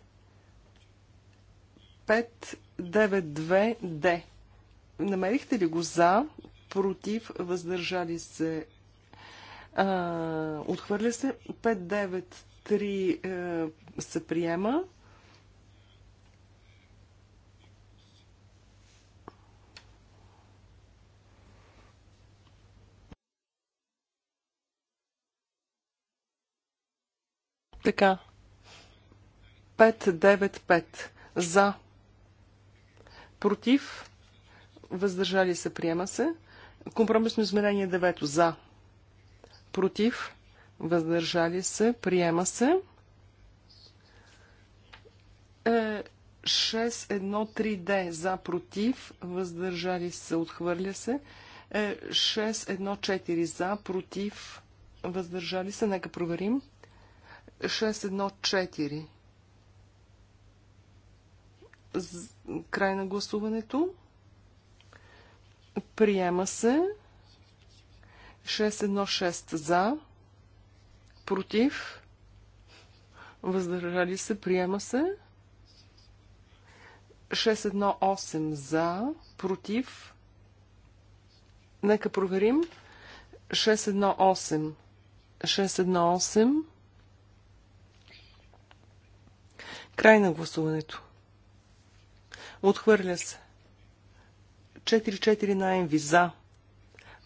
592D. Намерихте ли го за, против, въздържали се, а, отхвърля се. 5-9-3 е, се приема. Така. 5-9-5. За. Против. Въздържали се. Приема се. Компромисно измерение 9. За против, въздържали се, приема се. 613D е, за против, въздържали се, отхвърля се. 614 е, за против, въздържали се, нека проверим. 614. Край на гласуването. Приема се. 616 за, против, въздържали се, приема се. 618 за, против. Нека проверим. 618. 618. Край на гласуването. Отхвърля се. 4-4 на ви за.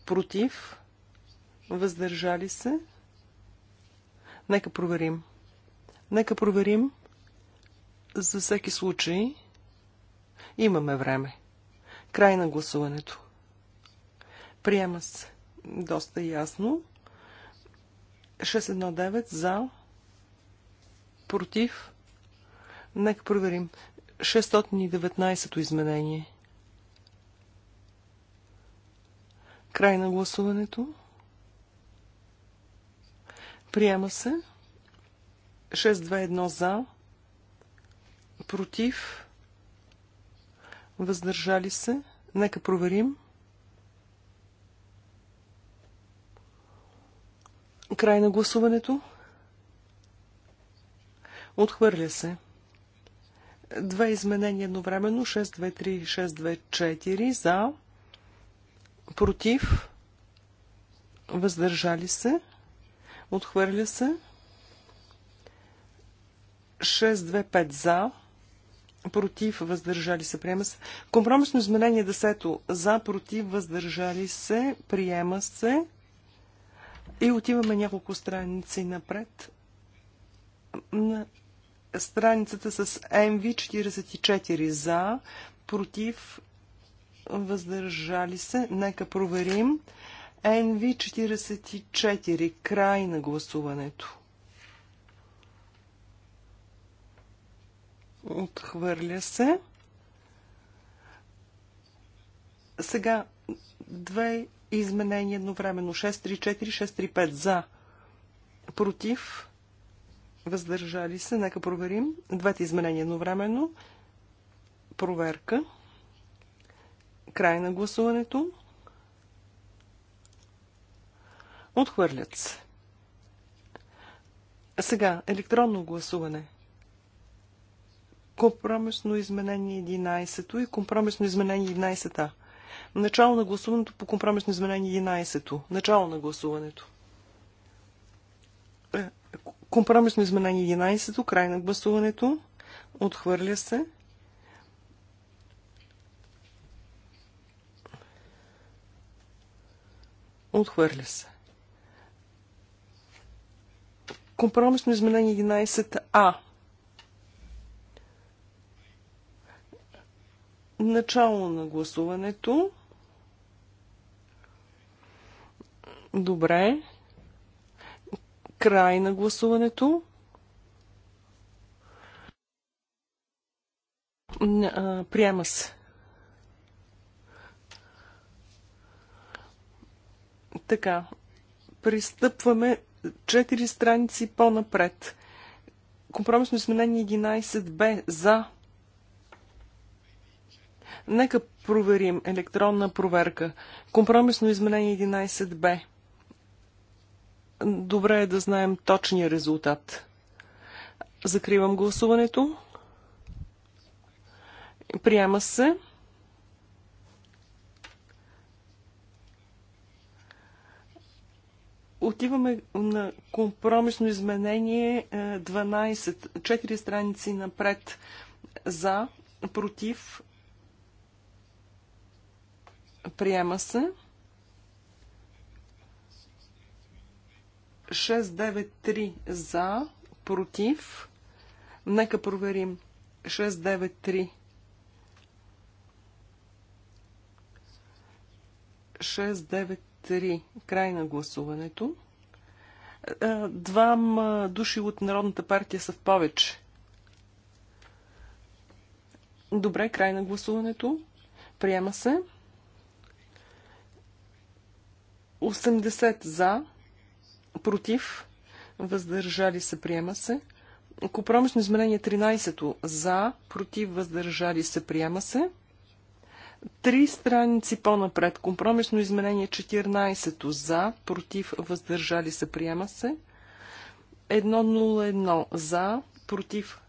Против. Въздържали се? Нека проверим. Нека проверим. За всеки случай имаме време. Край на гласуването. Приема се. Доста ясно. 619 за. Против. Нека проверим. 619-то изменение. Край на гласуването. Приема се. 621 за. Против. Въздържали се. Нека проверим. Край на гласуването. Отхвърля се. Две изменения едновременно. 623 624 за. Против. Въздържали се. Отхвърля се. 625 за. Против. Въздържали се. Приема се. Компромисно изменение 10. За. Против. Въздържали се. Приема се. И отиваме няколко страници напред. На страницата с MV44 за, против, въздържали се. Нека проверим. NV44, край на гласуването. Отхвърля се. Сега две изменения едновременно. 634, 635 за. Против. Въздържали се. Нека проверим. Двете изменения едновременно. Проверка. Край на гласуването. Отхвърлят се. Сега, електронно гласуване. Компромисно изменение 11-то и компромисно изменение 11-та. Начало на гласуването по компромисно изменение 11-то. Начало на гласуването. Е, компромисно изменение 11-то, край на гласуването. Отхвърля се. Отхвърля се. Компромисно изменение 11А. Начало на гласуването. Добре. Край на гласуването. Приема се. Така. Пристъпваме Четири страници по-напред. Компромисно изменение 11б за. Нека проверим електронна проверка. Компромисно изменение 11б. Добре е да знаем точния резултат. Закривам гласуването. Приема се. Отиваме на компромисно изменение 12, е, 4 страници напред за, против, приема се. 693 за, против. Нека проверим. 693. 693. 3. Край на гласуването. Е, Двама е, души от Народната партия са в повече. Добре, край на гласуването. Приема се. 80 за, против, въздържали се, приема се. Компромисно изменение 13 за, против, въздържали се, приема се. Три страници по-напред. Компромисно изменение 14 за, против, въздържали се, приема се. 101 за, против.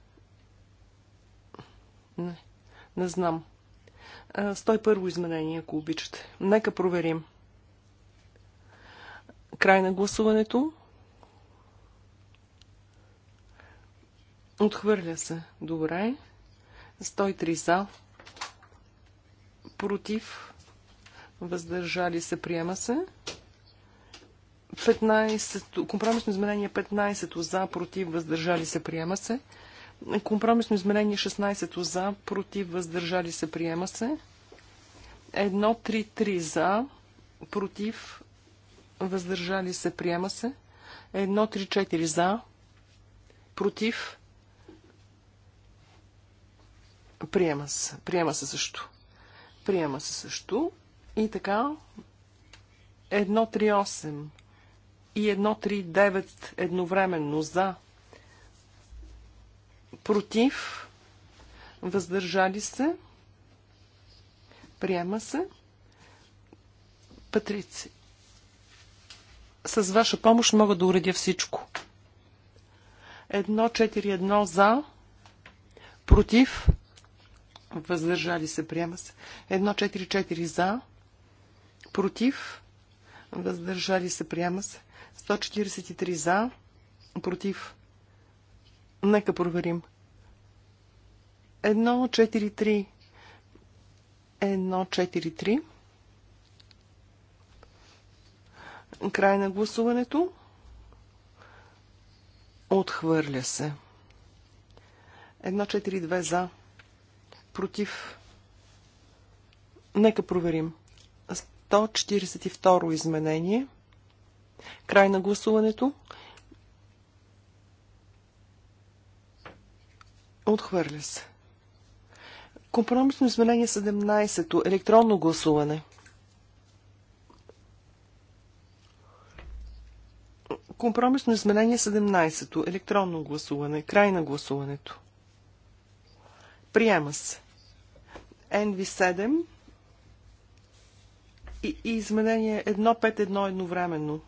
Не, не знам. 101 изменение, ако обичате. Нека проверим. Край на гласуването. Отхвърля се. Добре. 103 за, против, въздържали се, приема се. 15, компромисно изменение 15 за, против, въздържали се, приема се. Компромисно изменение 16 за, против, въздържали се, приема се. 1-3-3 за, против, въздържали се, приема се. 1-3-4 за, против, приема се. Приема се също. Приема се също. И така. 138 и 139 едновременно за. Против. Въздържали се. Приема се. Патрици. С ваша помощ мога да уредя всичко. 141 за. Против въздържали се, приема се. Едно 4, 4 за, против, въздържали се, приема се. 143 за, против. Нека проверим. Едно 143. 143. Край на гласуването. Отхвърля се. Едно 142 за против. Нека проверим. 142 изменение. Край на гласуването. Отхвърля се. Компромисно изменение 17. то Електронно гласуване. Компромисно изменение 17. то Електронно гласуване. Край на гласуването. Приема се. NV7 и, и изменение 1.5.1 едновременно.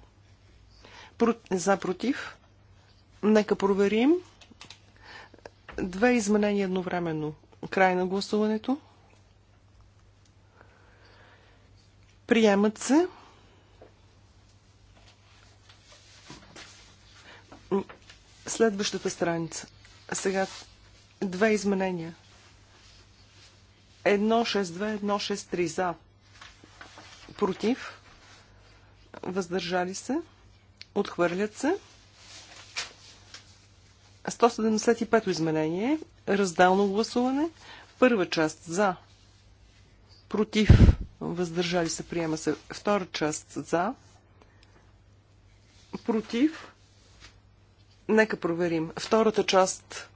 Про, за против. Нека проверим. Две изменения едновременно. Край на гласуването. Приемат се. Следващата страница. Сега две изменения. 162-163 за. Против. Въздържали се. Отхвърлят се. 175 изменение. Раздално гласуване. Първа част за. Против. Въздържали се. Приема се. Втора част за. Против. Нека проверим. Втората част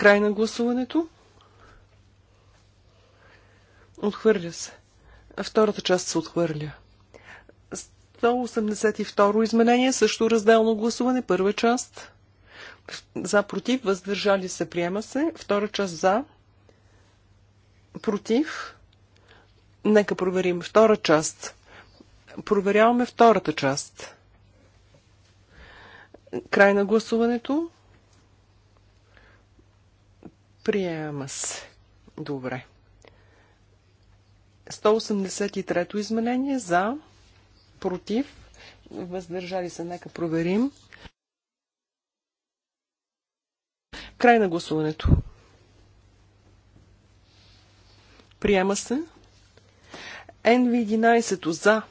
Край на гласуването. Отхвърля се. Втората част се отхвърля. 182 изменение, също разделно гласуване, първа част. За, против, въздържали се, приема се. Втора част за, против. Нека проверим втора част. Проверяваме втората част. Край на гласуването. Приема се. Добре. 183-то изменение за, против, въздържали се, нека проверим. Край на гласуването. Приема се. NV11 за,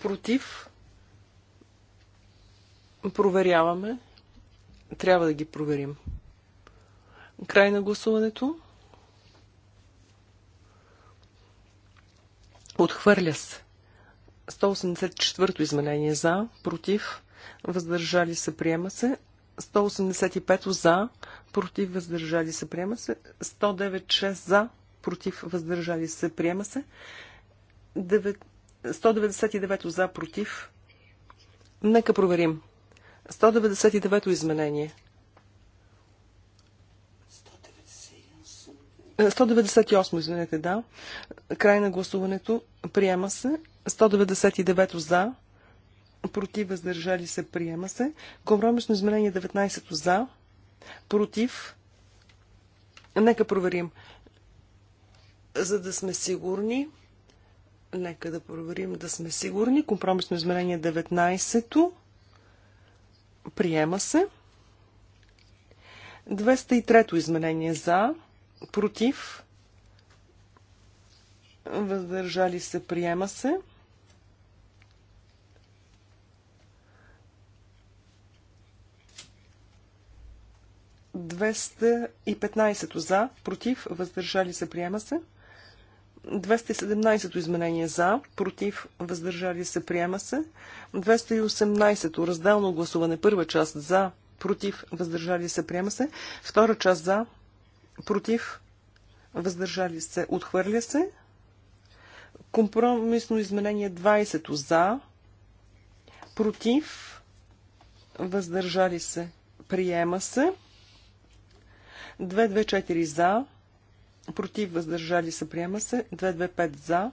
против. Проверяваме. Трябва да ги проверим. Край на гласуването. Отхвърля се. 184-то изменение за, против, въздържали се, приема се. 185 за, против, въздържали се, приема се. 196 за, против, въздържали се, приема се. 199 за, против. Нека проверим. 199 изменение. 198, извинете, да. Край на гласуването. Приема се. 199 за. Против, въздържали се. Приема се. Компромисно изменение 19 за. Против. Нека проверим. За да сме сигурни. Нека да проверим да сме сигурни. Компромисно изменение 19. Приема се. 203 изменение за против, въздържали се, приема се. Двеста и петнайсето за, против, въздържали се, приема се. 217 изменение за, против, въздържали се, приема се. 218 разделно гласуване, първа част за, против, въздържали се, приема се. Втора част за, против, въздържали се, отхвърля се. Компромисно изменение 20 за, против, въздържали се, приема се. 224 за, против, въздържали се, приема се. 225 за,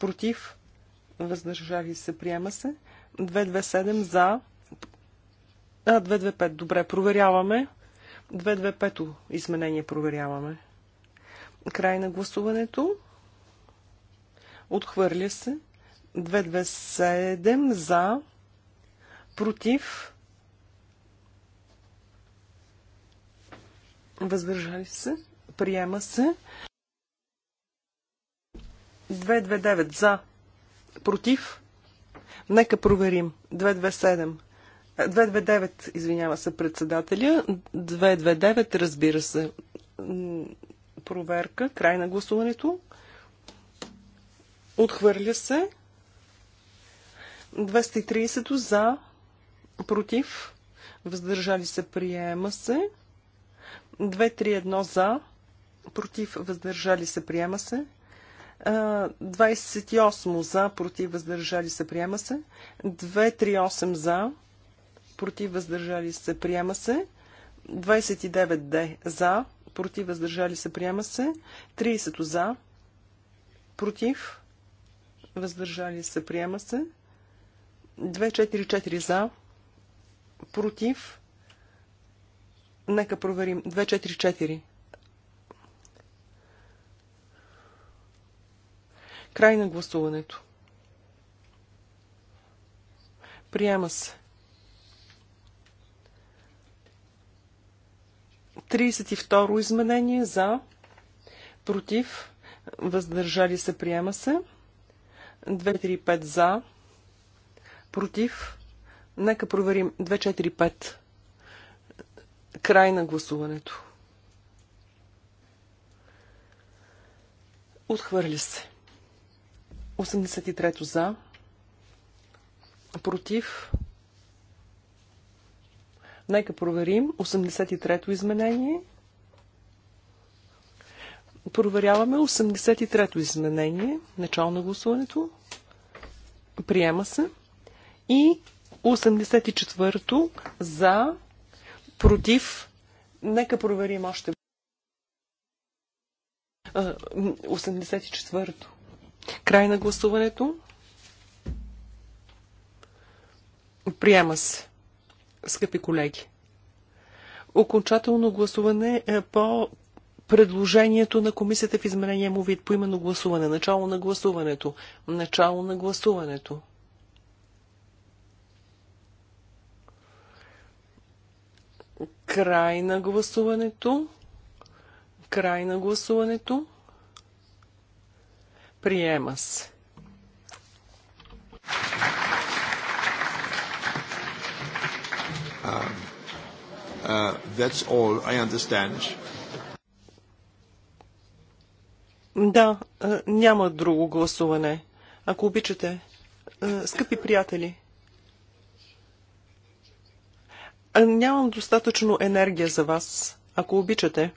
против, въздържали се, приема се. 227 за, а, 225, добре, проверяваме. 225-то изменение проверяваме. Край на гласуването. Отхвърля се. 227 за. Против. Въздържали се. Приема се. 229 за. Против. Нека проверим. 227. 229, извинява се, председателя. 229, разбира се. Проверка, край на гласуването. Отхвърля се. 230 за, против, въздържали се, приема се. 231 за, против, въздържали се, приема се. 28 за, против, въздържали се, приема се. 238 за, против въздържали се, приема се. 29 Д за, против въздържали се, приема се. 30 за, против въздържали се, приема се. 244 за, против. Нека проверим. 244. Край на гласуването. Приема се. 32 изменение за, против, въздържали се, приема се. 2-3-5 за, против. Нека проверим 245. Край на гласуването. Отхвърли се. 83 за, против, Нека проверим 83-то изменение. Проверяваме 83-то изменение, начало на гласуването. Приема се. И 84-то за, против. Нека проверим още. 84-то. Край на гласуването. Приема се скъпи колеги. Окончателно гласуване е по предложението на комисията в изменение му вид по именно гласуване. Начало на гласуването. Начало на гласуването. Край на гласуването. Край на гласуването. Приема се. Uh, uh, that's all I understand. Да, е, няма друго гласуване. Ако обичате, е, скъпи приятели, е, нямам достатъчно енергия за вас. Ако обичате,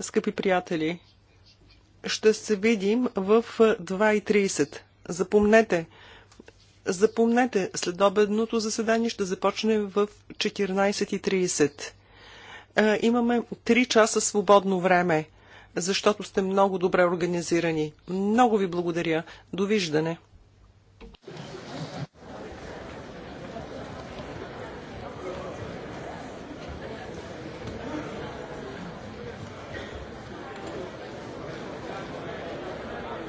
скъпи приятели, ще се видим в 2.30. Запомнете, Запомнете, следобедното заседание ще започне в 14.30. Е, имаме 3 часа свободно време, защото сте много добре организирани. Много ви благодаря. Довиждане.